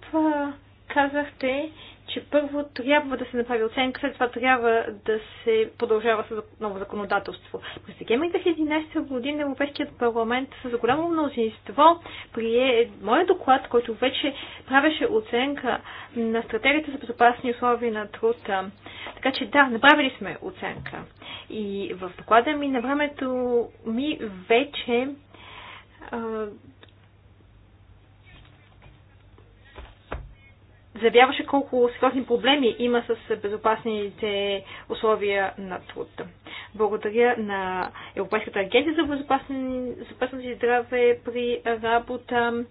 казахте, че първо трябва да се направи оценка, след това трябва да се продължава с ново законодателство. През декември 2011 година Европейският парламент с голямо мнозинство прие моят доклад, който вече правеше оценка на стратегията за безопасни условия на труда. Така че да, направили сме оценка. И в доклада ми на времето ми вече заявяваше колко сериозни проблеми има с безопасните условия на труд. Благодаря на Европейската агенция за безопасност и здраве при работа,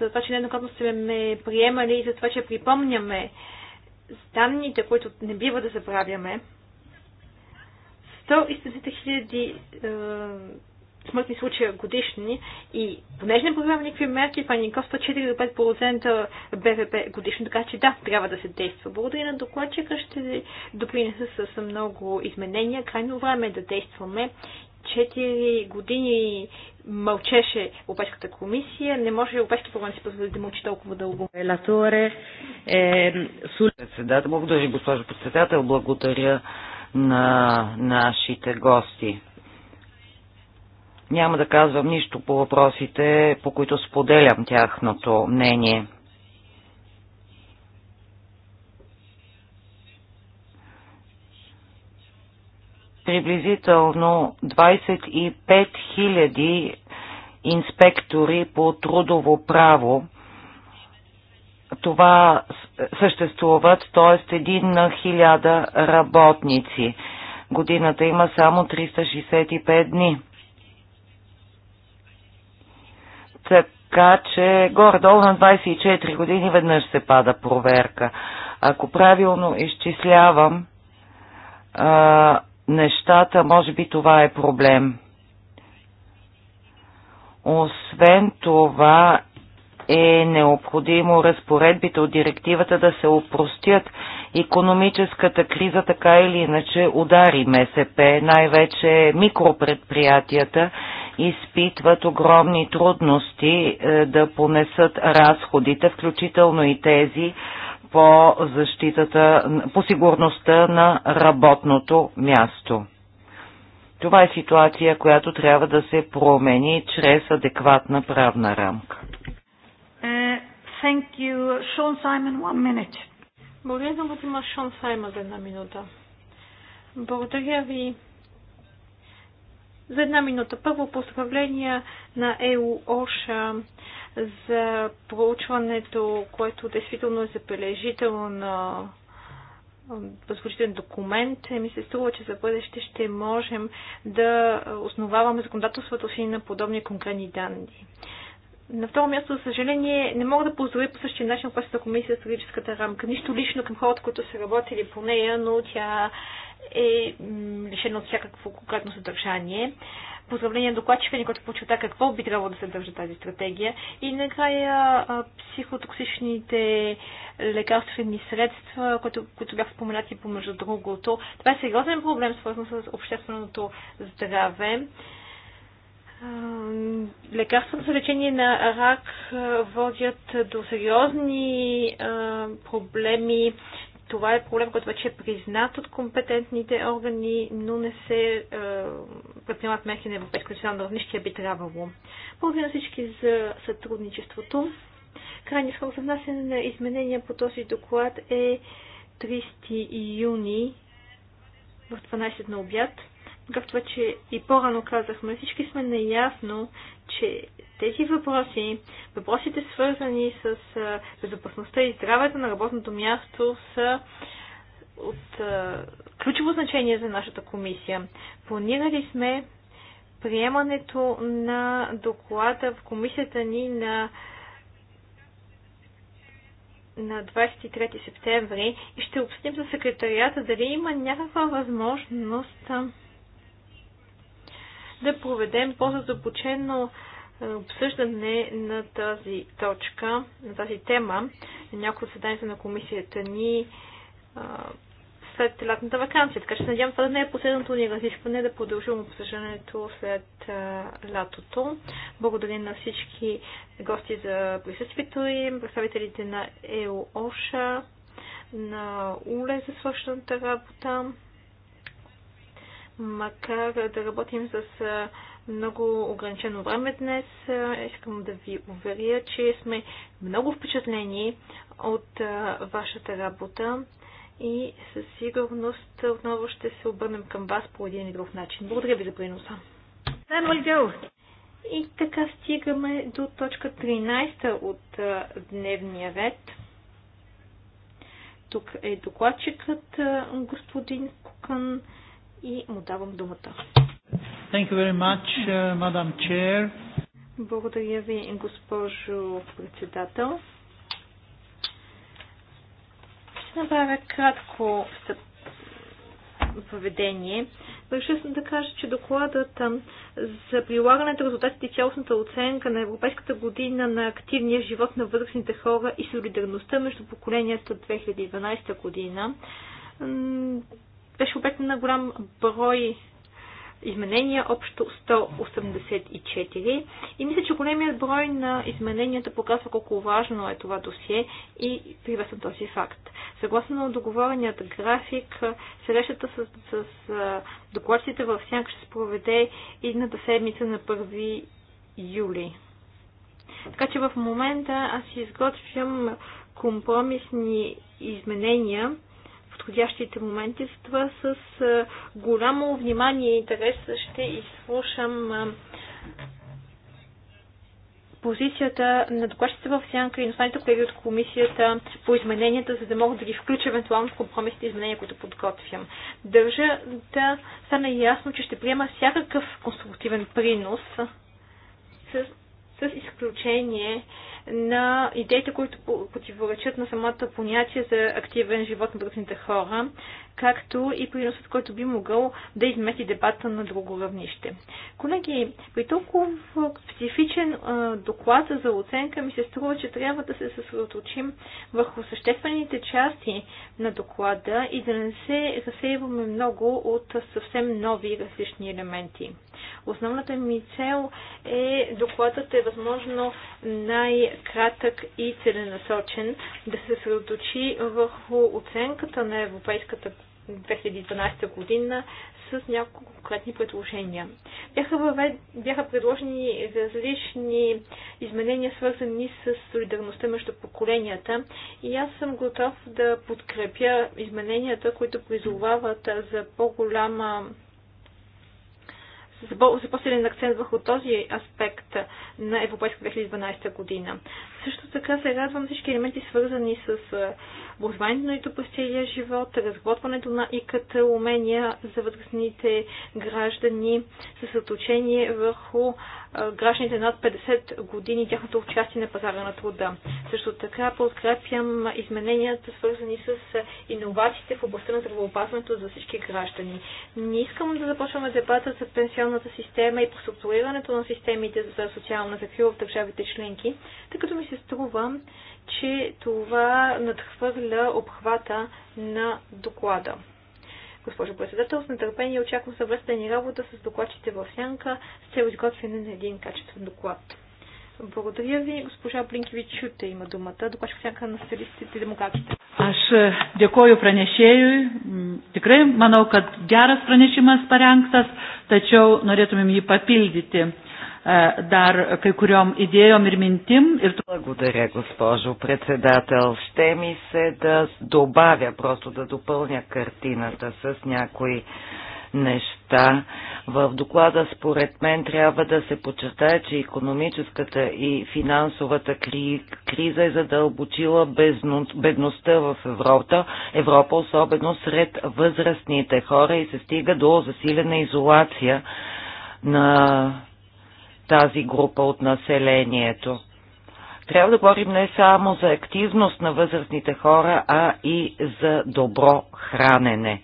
за това, че нееднократно сме ме приемали и за това, че припомняме данните, които не бива да забравяме. 170 хиляди смъртни случая годишни и понеже не проявяваме никакви мерки, това ни коства 4 до 5% БВП годишно, така че да, трябва да се действа. Благодаря на докладчика, ще допринеса с много изменения. Крайно време е да действаме. 4 години мълчеше Европейската комисия. Не може Европейската парламент да се позволи да мълчи толкова дълго. Елатуре е, председател, благодаря, госпожо председател, благодаря на нашите гости. Няма да казвам нищо по въпросите, по които споделям тяхното мнение. Приблизително 25 000 инспектори по трудово право това съществуват, т.е. един на хиляда работници. Годината има само 365 дни. Така че горе-долу на 24 години веднъж се пада проверка. Ако правилно изчислявам а, нещата, може би това е проблем. Освен това е необходимо разпоредбите от директивата да се опростят. Економическата криза така или иначе удари МСП, най-вече микропредприятията изпитват огромни трудности е, да понесат разходите, включително и тези по защитата, по сигурността на работното място. Това е ситуация, която трябва да се промени чрез адекватна правна рамка. Е, thank you. Sean Simon, one minute. Благодаря, думата има Шон Саймън за една минута. Благодаря ви, за една минута. Първо поздравления на ЕО ОША за проучването, което действително е забележително на възходителен документ, е, ми се струва, че за бъдеще ще можем да основаваме законодателството си на подобни конкретни данни. На второ място, за съжаление, не мога да поздравя по същия начин Общата комисия с юридическата рамка. Нищо лично към хората, които са работили по нея, но тя е лишено от всякакво конкретно съдържание. Поздравление на докладчика, който почета какво би трябвало да се държа тази стратегия. И накрая психотоксичните лекарствени средства, които, които бяха споменати помежду другото. Това е сериозен проблем, свързан с общественото здраве. Лекарствата за лечение на рак водят до сериозни проблеми това е проблем, който вече е признат от компетентните органи, но не се е, предприемат мерки на европейско национално равнище, би трябвало. Благодаря на всички за сътрудничеството. Крайният срок за внасяне на изменения по този доклад е 30 юни в 12 на обяд. Както вече и по-рано казахме, всички сме наясно, че тези въпроси, въпросите свързани с безопасността и здравето на работното място са от а, ключово значение за нашата комисия. Планирали сме приемането на доклада в комисията ни на на 23 септември и ще обсъдим за секретарията дали има някаква възможност да проведем по-задълбочено е, обсъждане на тази точка, на тази тема. на Някои от заседанията на комисията ни е, след лятната вакансия. Така че се надявам това да не е последното ни разискване, да продължим обсъждането след а, е, лятото. Благодаря на всички гости за присъствието им, представителите на ЕООШа, на УЛЕ за свършената работа макар да работим с много ограничено време днес, искам да ви уверя, че сме много впечатлени от вашата работа и със сигурност отново ще се обърнем към вас по един или друг начин. Благодаря ви за приноса. И така стигаме до точка 13 от дневния ред. Тук е докладчикът господин Кукън и му давам думата. Thank you very much, uh, Madam Chair. Благодаря ви, госпожо председател. Ще направя кратко поведение. Реших да кажа, че докладът за прилагането, на резултатите и цялостната оценка на Европейската година на активния живот на възрастните хора и солидарността между поколенията 2012 година беше обект на голям брой изменения, общо 184. И мисля, че големият брой на измененията показва колко важно е това досие и приветствам този факт. Съгласно договореният график, срещата с, с, с докладците в Сянка ще се проведе едната седмица на 1 юли. Така че в момента аз изготвям компромисни изменения, подходящите моменти. това с голямо внимание и интерес ще изслушам позицията на докладчите в сянка и на останалите колеги от комисията по измененията, за да могат да ги включа евентуално в компромисните изменения, които подготвям. Държа да стане ясно, че ще приема всякакъв конструктивен принос, с с изключение на идеите, които противоречат на самата понятие за активен живот на българските хора, както и приносът, който би могъл да измести дебата на друго равнище. Колеги, при толкова специфичен доклад за оценка ми се струва, че трябва да се съсредоточим върху съществените части на доклада и да не се разсеиваме много от съвсем нови различни елементи. Основната ми цел е докладът е възможно най-кратък и целенасочен, да се съсредоточи върху оценката на Европейската 2012 година с няколко конкретни предложения. Бяха, въвед... бяха предложени различни изменения, свързани с солидарността между поколенията и аз съм готов да подкрепя измененията, които призовават за по-голяма за по-силен акцент върху този аспект на Европейска 2012 година. Също така се радвам всички елементи, свързани с образованието на ито през целия живот, разработването на ИКТ, умения за възрастните граждани, съсредоточение върху гражданите над 50 години, тяхното участие на пазара на труда. Също така подкрепям измененията, свързани с иновациите в областта на здравеопазването за всички граждани. Не искам да започваме дебата за пенсионната система и преструктурирането на системите за социална закрила в държавите членки, тъй като ми се струва, че това надхвърля обхвата на доклада. Госпожо председател, с нетърпение очаквам съвместна ни работа с докладчите в сянка с цел изготвяне на един качествен доклад. Благодаря ви. Госпожа Блинкевич чуте има думата. Докладчик сянка на стилистите и демократите. Аз Aš Тикрай, манал, Tikrai manau, с geras с парянктас, тачо norėtumėm jį папилдите dar kai kuriom idėjom ir mintim. Ir... Благодаря, госпожо председател. Ще ми се да добавя, просто да допълня картината с някои неща. В доклада според мен трябва да се подчертае, че економическата и финансовата кри... криза е задълбочила безно... бедността в Европа, Европа особено сред възрастните хора и се стига до засилена изолация на тази група от населението. Трябва да говорим не само за активност на възрастните хора, а и за добро хранене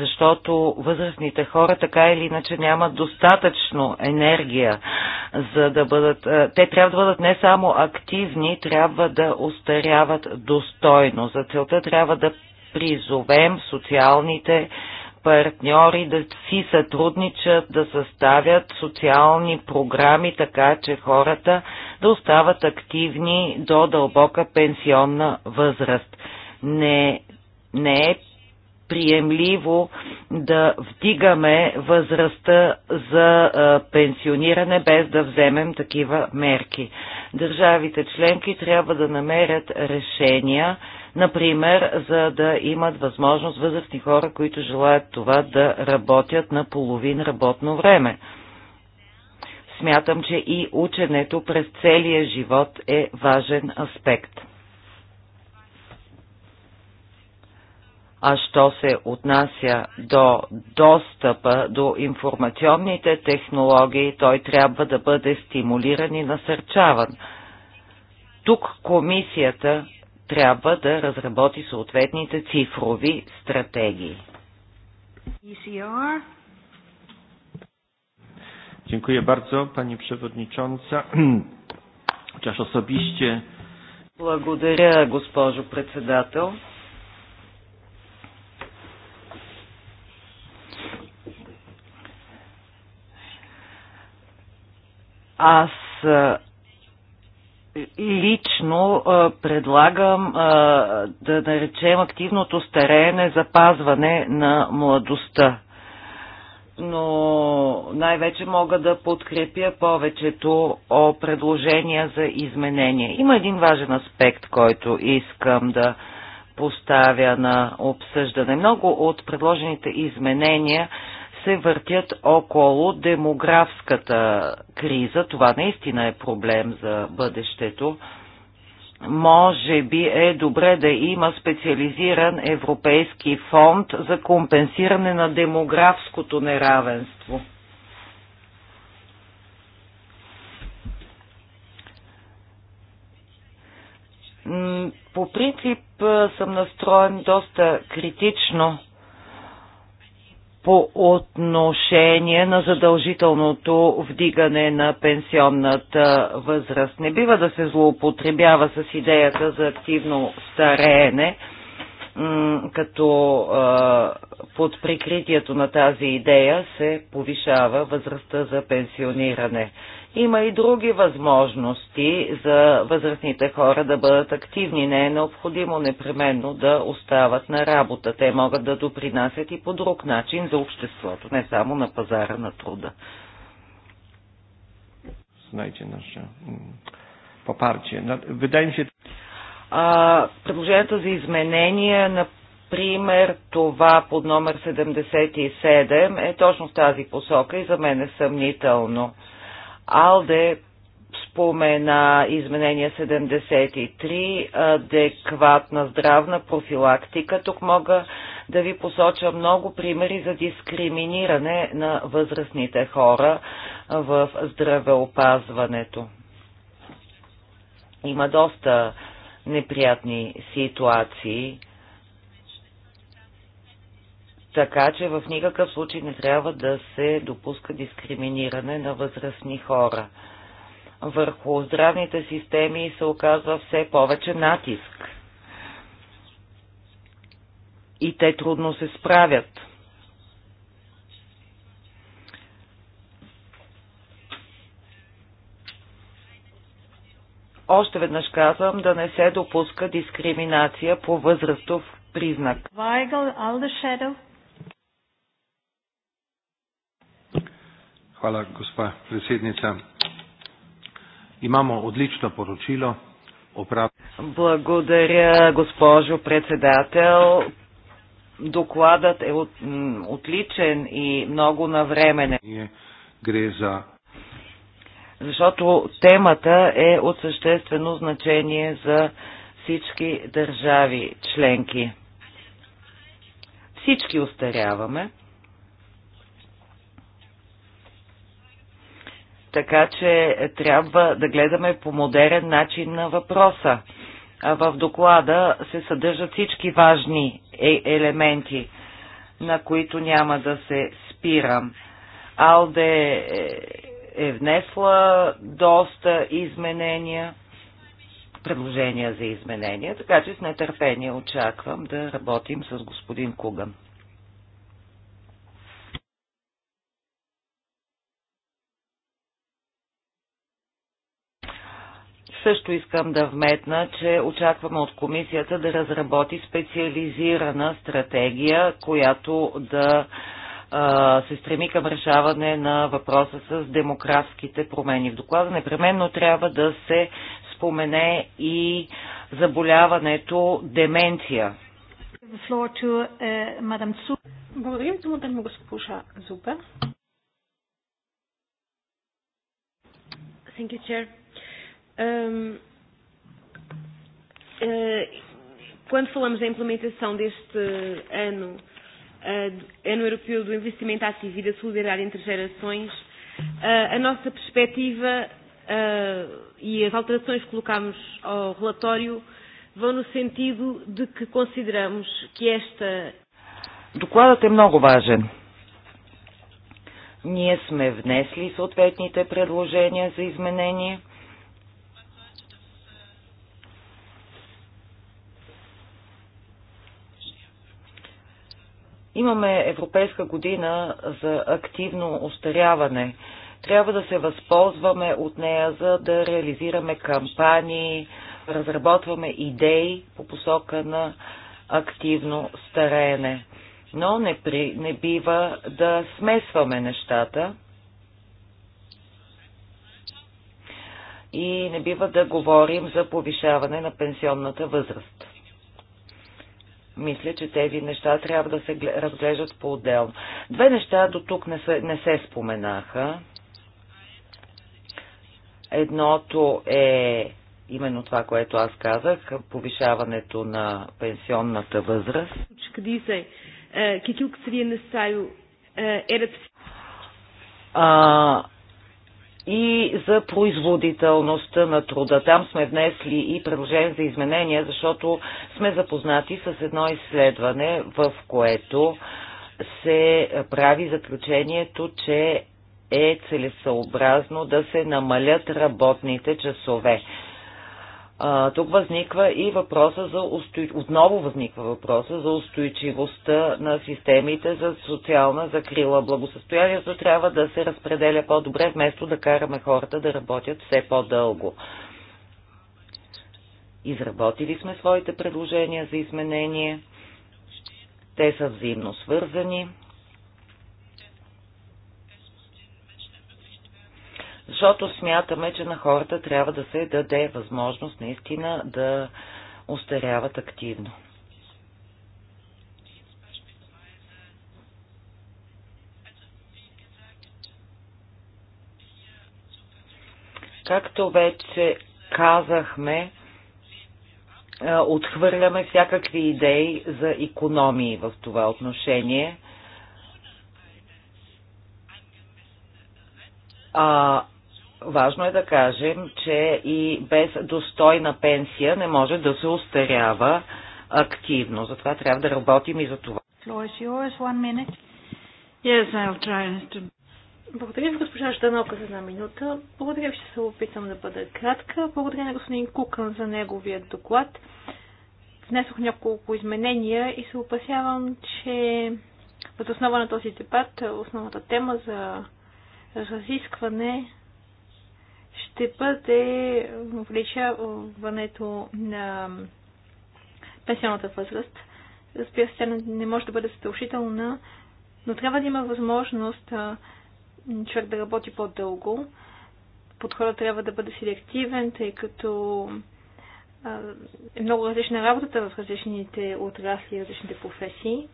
защото възрастните хора така или иначе нямат достатъчно енергия, за да бъдат. Е, те трябва да бъдат не само активни, трябва да устаряват достойно. За целта трябва да призовем социалните партньори да си сътрудничат, да съставят социални програми, така че хората да остават активни до дълбока пенсионна възраст. Не, не е приемливо да вдигаме възрастта за пенсиониране без да вземем такива мерки. Държавите членки трябва да намерят решения, Например, за да имат възможност възрастни хора, които желаят това да работят на половин работно време. Смятам, че и ученето през целия живот е важен аспект. А що се отнася до достъпа до информационните технологии, той трябва да бъде стимулиран и насърчаван. Тук комисията трябва да разработи съответните цифрови стратегии. E Dziękuję bardzo, Pani Przewodnicząca. Chociaż osobiście. Благодаря, госпожо председател. Аз лично а, предлагам а, да наречем активното стареене запазване на младостта. Но най-вече мога да подкрепя повечето о предложения за изменения. Има един важен аспект, който искам да поставя на обсъждане. Много от предложените изменения се въртят около демографската криза. Това наистина е проблем за бъдещето. Може би е добре да има специализиран европейски фонд за компенсиране на демографското неравенство. По принцип съм настроен доста критично по отношение на задължителното вдигане на пенсионната възраст. Не бива да се злоупотребява с идеята за активно стареене, като под прикритието на тази идея се повишава възрастта за пенсиониране. Има и други възможности за възрастните хора да бъдат активни. Не е необходимо непременно да остават на работа. Те могат да допринасят и по друг начин за обществото, не само на пазара на труда. Знаете наше попарче. Wydaje mi А, предложението за изменение на пример, това под номер 77 е точно в тази посока и за мен е съмнително. Алде спомена изменение 73, адекватна здравна профилактика. Тук мога да ви посоча много примери за дискриминиране на възрастните хора в здравеопазването. Има доста неприятни ситуации така че в никакъв случай не трябва да се допуска дискриминиране на възрастни хора. Върху здравните системи се оказва все повече натиск. И те трудно се справят. Още веднъж казвам да не се допуска дискриминация по възрастов признак. Weigel, Hvala, gospa predsednica. Imamo odlično poročilo. Благодаря, госпожо председател. Докладът е от, отличен и много навременен. Е, гре за защото темата е от съществено значение за всички държави членки. Всички устаряваме. Така че трябва да гледаме по модерен начин на въпроса. В доклада се съдържат всички важни е, елементи, на които няма да се спирам. Алде е, е внесла доста изменения, предложения за изменения, така че с нетърпение очаквам да работим с господин Куган. Също искам да вметна, че очакваме от комисията да разработи специализирана стратегия, която да се стреми към решаване на въпроса с демографските промени. В доклада непременно трябва да се спомене и заболяването деменция. Uh, Благодарим за на госпожа Зубер. Thank you, Chair. Um, uh, quando falamos da implementação deste ano, uh, ano europeu do investimento ativo e da solidariedade entre gerações, uh, a nossa perspectiva uh, e as alterações que colocámos ao relatório vão no sentido de que consideramos que esta. Докладът е много важен. Ние сме внесли съответните предложения за изменение – Имаме Европейска година за активно остаряване. Трябва да се възползваме от нея, за да реализираме кампании, разработваме идеи по посока на активно стареене. Но не, при, не бива да смесваме нещата и не бива да говорим за повишаване на пенсионната възраст мисля, че тези неща трябва да се разглеждат по-отделно. Две неща до тук не се, не се споменаха. Едното е именно това, което аз казах, повишаването на пенсионната възраст. Е, е, а, и за производителността на труда. Там сме внесли и предложение за изменения, защото сме запознати с едно изследване, в което се прави заключението, че е целесообразно да се намалят работните часове. А, тук възниква и въпроса за устой... отново възниква въпроса за устойчивостта на системите за социална закрила. Благосъстоянието трябва да се разпределя по-добре, вместо да караме хората да работят все по-дълго. Изработили сме своите предложения за изменение. Те са взаимно свързани. Защото смятаме, че на хората трябва да се даде възможност наистина да устаряват активно. Както вече казахме, отхвърляме всякакви идеи за економии в това отношение. А Важно е да кажем, че и без достойна пенсия не може да се устарява активно. Затова трябва да работим и за това. Благодаря ви, госпожа Жданока, за една минута. Благодаря ви, ще се опитам да бъда кратка. Благодаря на господин Кукън за неговия доклад. Внесох няколко изменения и се опасявам, че въз основа на този дебат основната тема за разискване ще бъде увеличаването на пенсионната възраст. Разбира се, не може да бъде задължителна, но трябва да има възможност човек да работи по-дълго. Подходът трябва да бъде селективен, тъй като е много различна работата в различните отрасли и различните професии.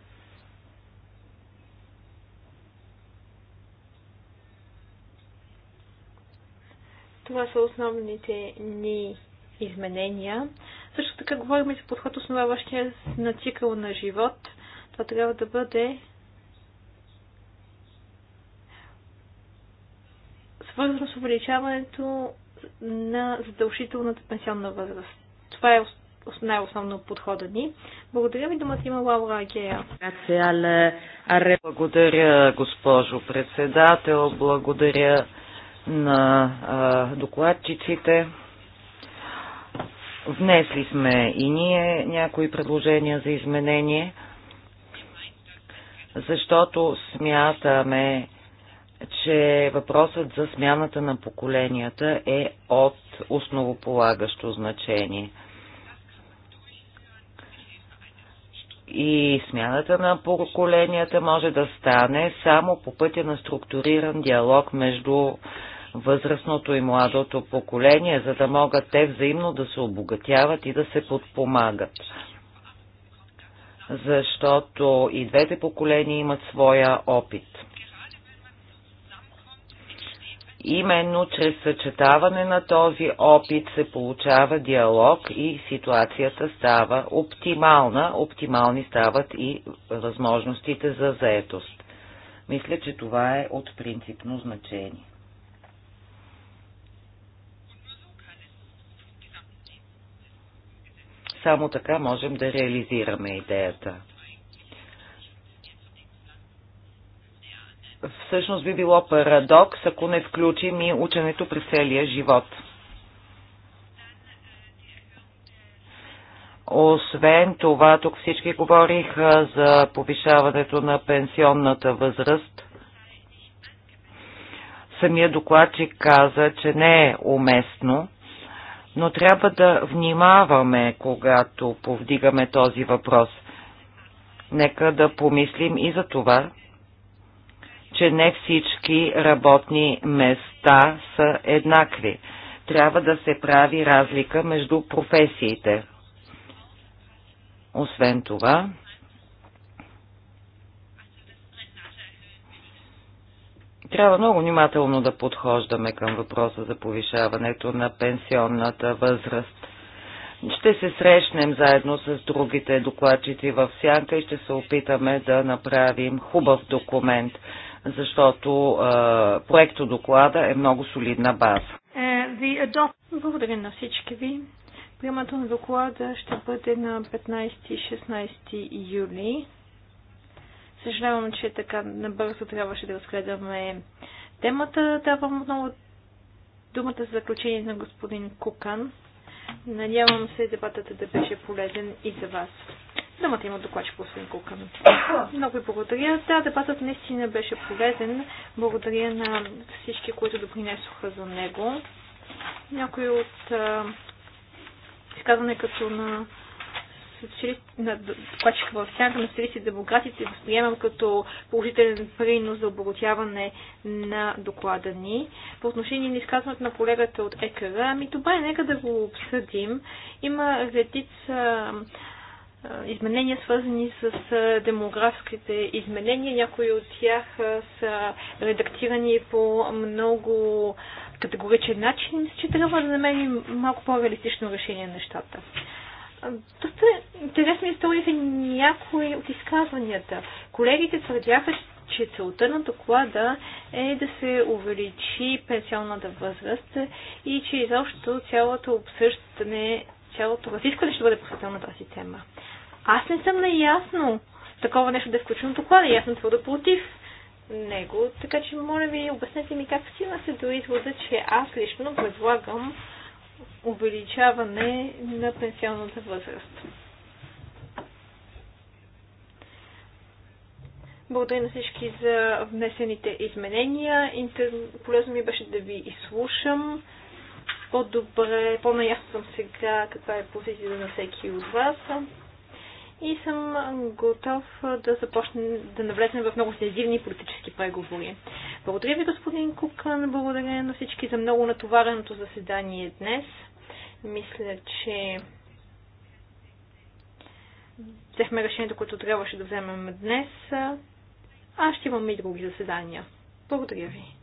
Това са основните ни изменения. Също така говорим и за подход основаващия на цикъл на живот. Това трябва да бъде свързано с увеличаването на задължителната пенсионна възраст. Това е най-основно подхода ни. Благодаря ви, думата има Лаура Агея. Благодаря, госпожо председател. Благодаря на а, докладчиците. Внесли сме и ние някои предложения за изменение, защото смятаме, че въпросът за смяната на поколенията е от основополагащо значение. И смяната на поколенията може да стане само по пътя на структуриран диалог между възрастното и младото поколение, за да могат те взаимно да се обогатяват и да се подпомагат. Защото и двете поколения имат своя опит. Именно чрез съчетаване на този опит се получава диалог и ситуацията става оптимална, оптимални стават и възможностите за заетост. Мисля, че това е от принципно значение. Само така можем да реализираме идеята. Всъщност би било парадокс, ако не включим и ученето през целия живот. Освен това, тук всички говориха за повишаването на пенсионната възраст. Самия докладчик каза, че не е уместно но трябва да внимаваме, когато повдигаме този въпрос. Нека да помислим и за това, че не всички работни места са еднакви. Трябва да се прави разлика между професиите. Освен това, трябва много внимателно да подхождаме към въпроса за повишаването на пенсионната възраст. Ще се срещнем заедно с другите докладчици в сянка и ще се опитаме да направим хубав документ, защото е, проекто доклада е много солидна база. Е, Благодаря на всички ви. Приемато на доклада ще бъде на 15-16 юли. Съжалявам, че така набързо трябваше да разгледаме темата. Давам отново думата за заключение на господин Кукан. Надявам се дебатът да беше полезен и за вас. Думата има докладчик господин Кукан. Много ви благодаря. Да, дебатът наистина беше полезен. Благодаря на всички, които допринесоха за него. Някои от изказване като на това, че в сянка на социалисти демократите възприемам като положителен принос за оборотяване на доклада ни. По отношение на изказването на колегата от ЕКР, ами е, нека да го обсъдим. Има редица изменения, свързани с демографските изменения. Някои от тях са редактирани по много категоричен начин. Мисля, че трябва да намерим малко по-реалистично решение на нещата доста интересни истории за някои от изказванията. Колегите твърдяха, че целта на доклада е да се увеличи пенсионната възраст и че изобщо цялото обсъждане, цялото разискване ще бъде посветено на тази тема. Аз не съм наясно такова нещо да е включено в доклада и аз съм твърдо против него, така че моля ви, обяснете ми как стигна се до извода, че аз лично предлагам увеличаване на пенсионната възраст. Благодаря на всички за внесените изменения. Интер... Полезно ми беше да ви изслушам. По-добре, по-наясно съм сега каква е позицията на всеки от вас. И съм готов да започнем да навлезем в много сензивни политически преговори. Благодаря ви, господин Кукан. Благодаря на всички за много натовареното заседание днес. Мисля, че взехме решението, което трябваше да вземем днес, а ще имаме и други заседания. Благодаря ви.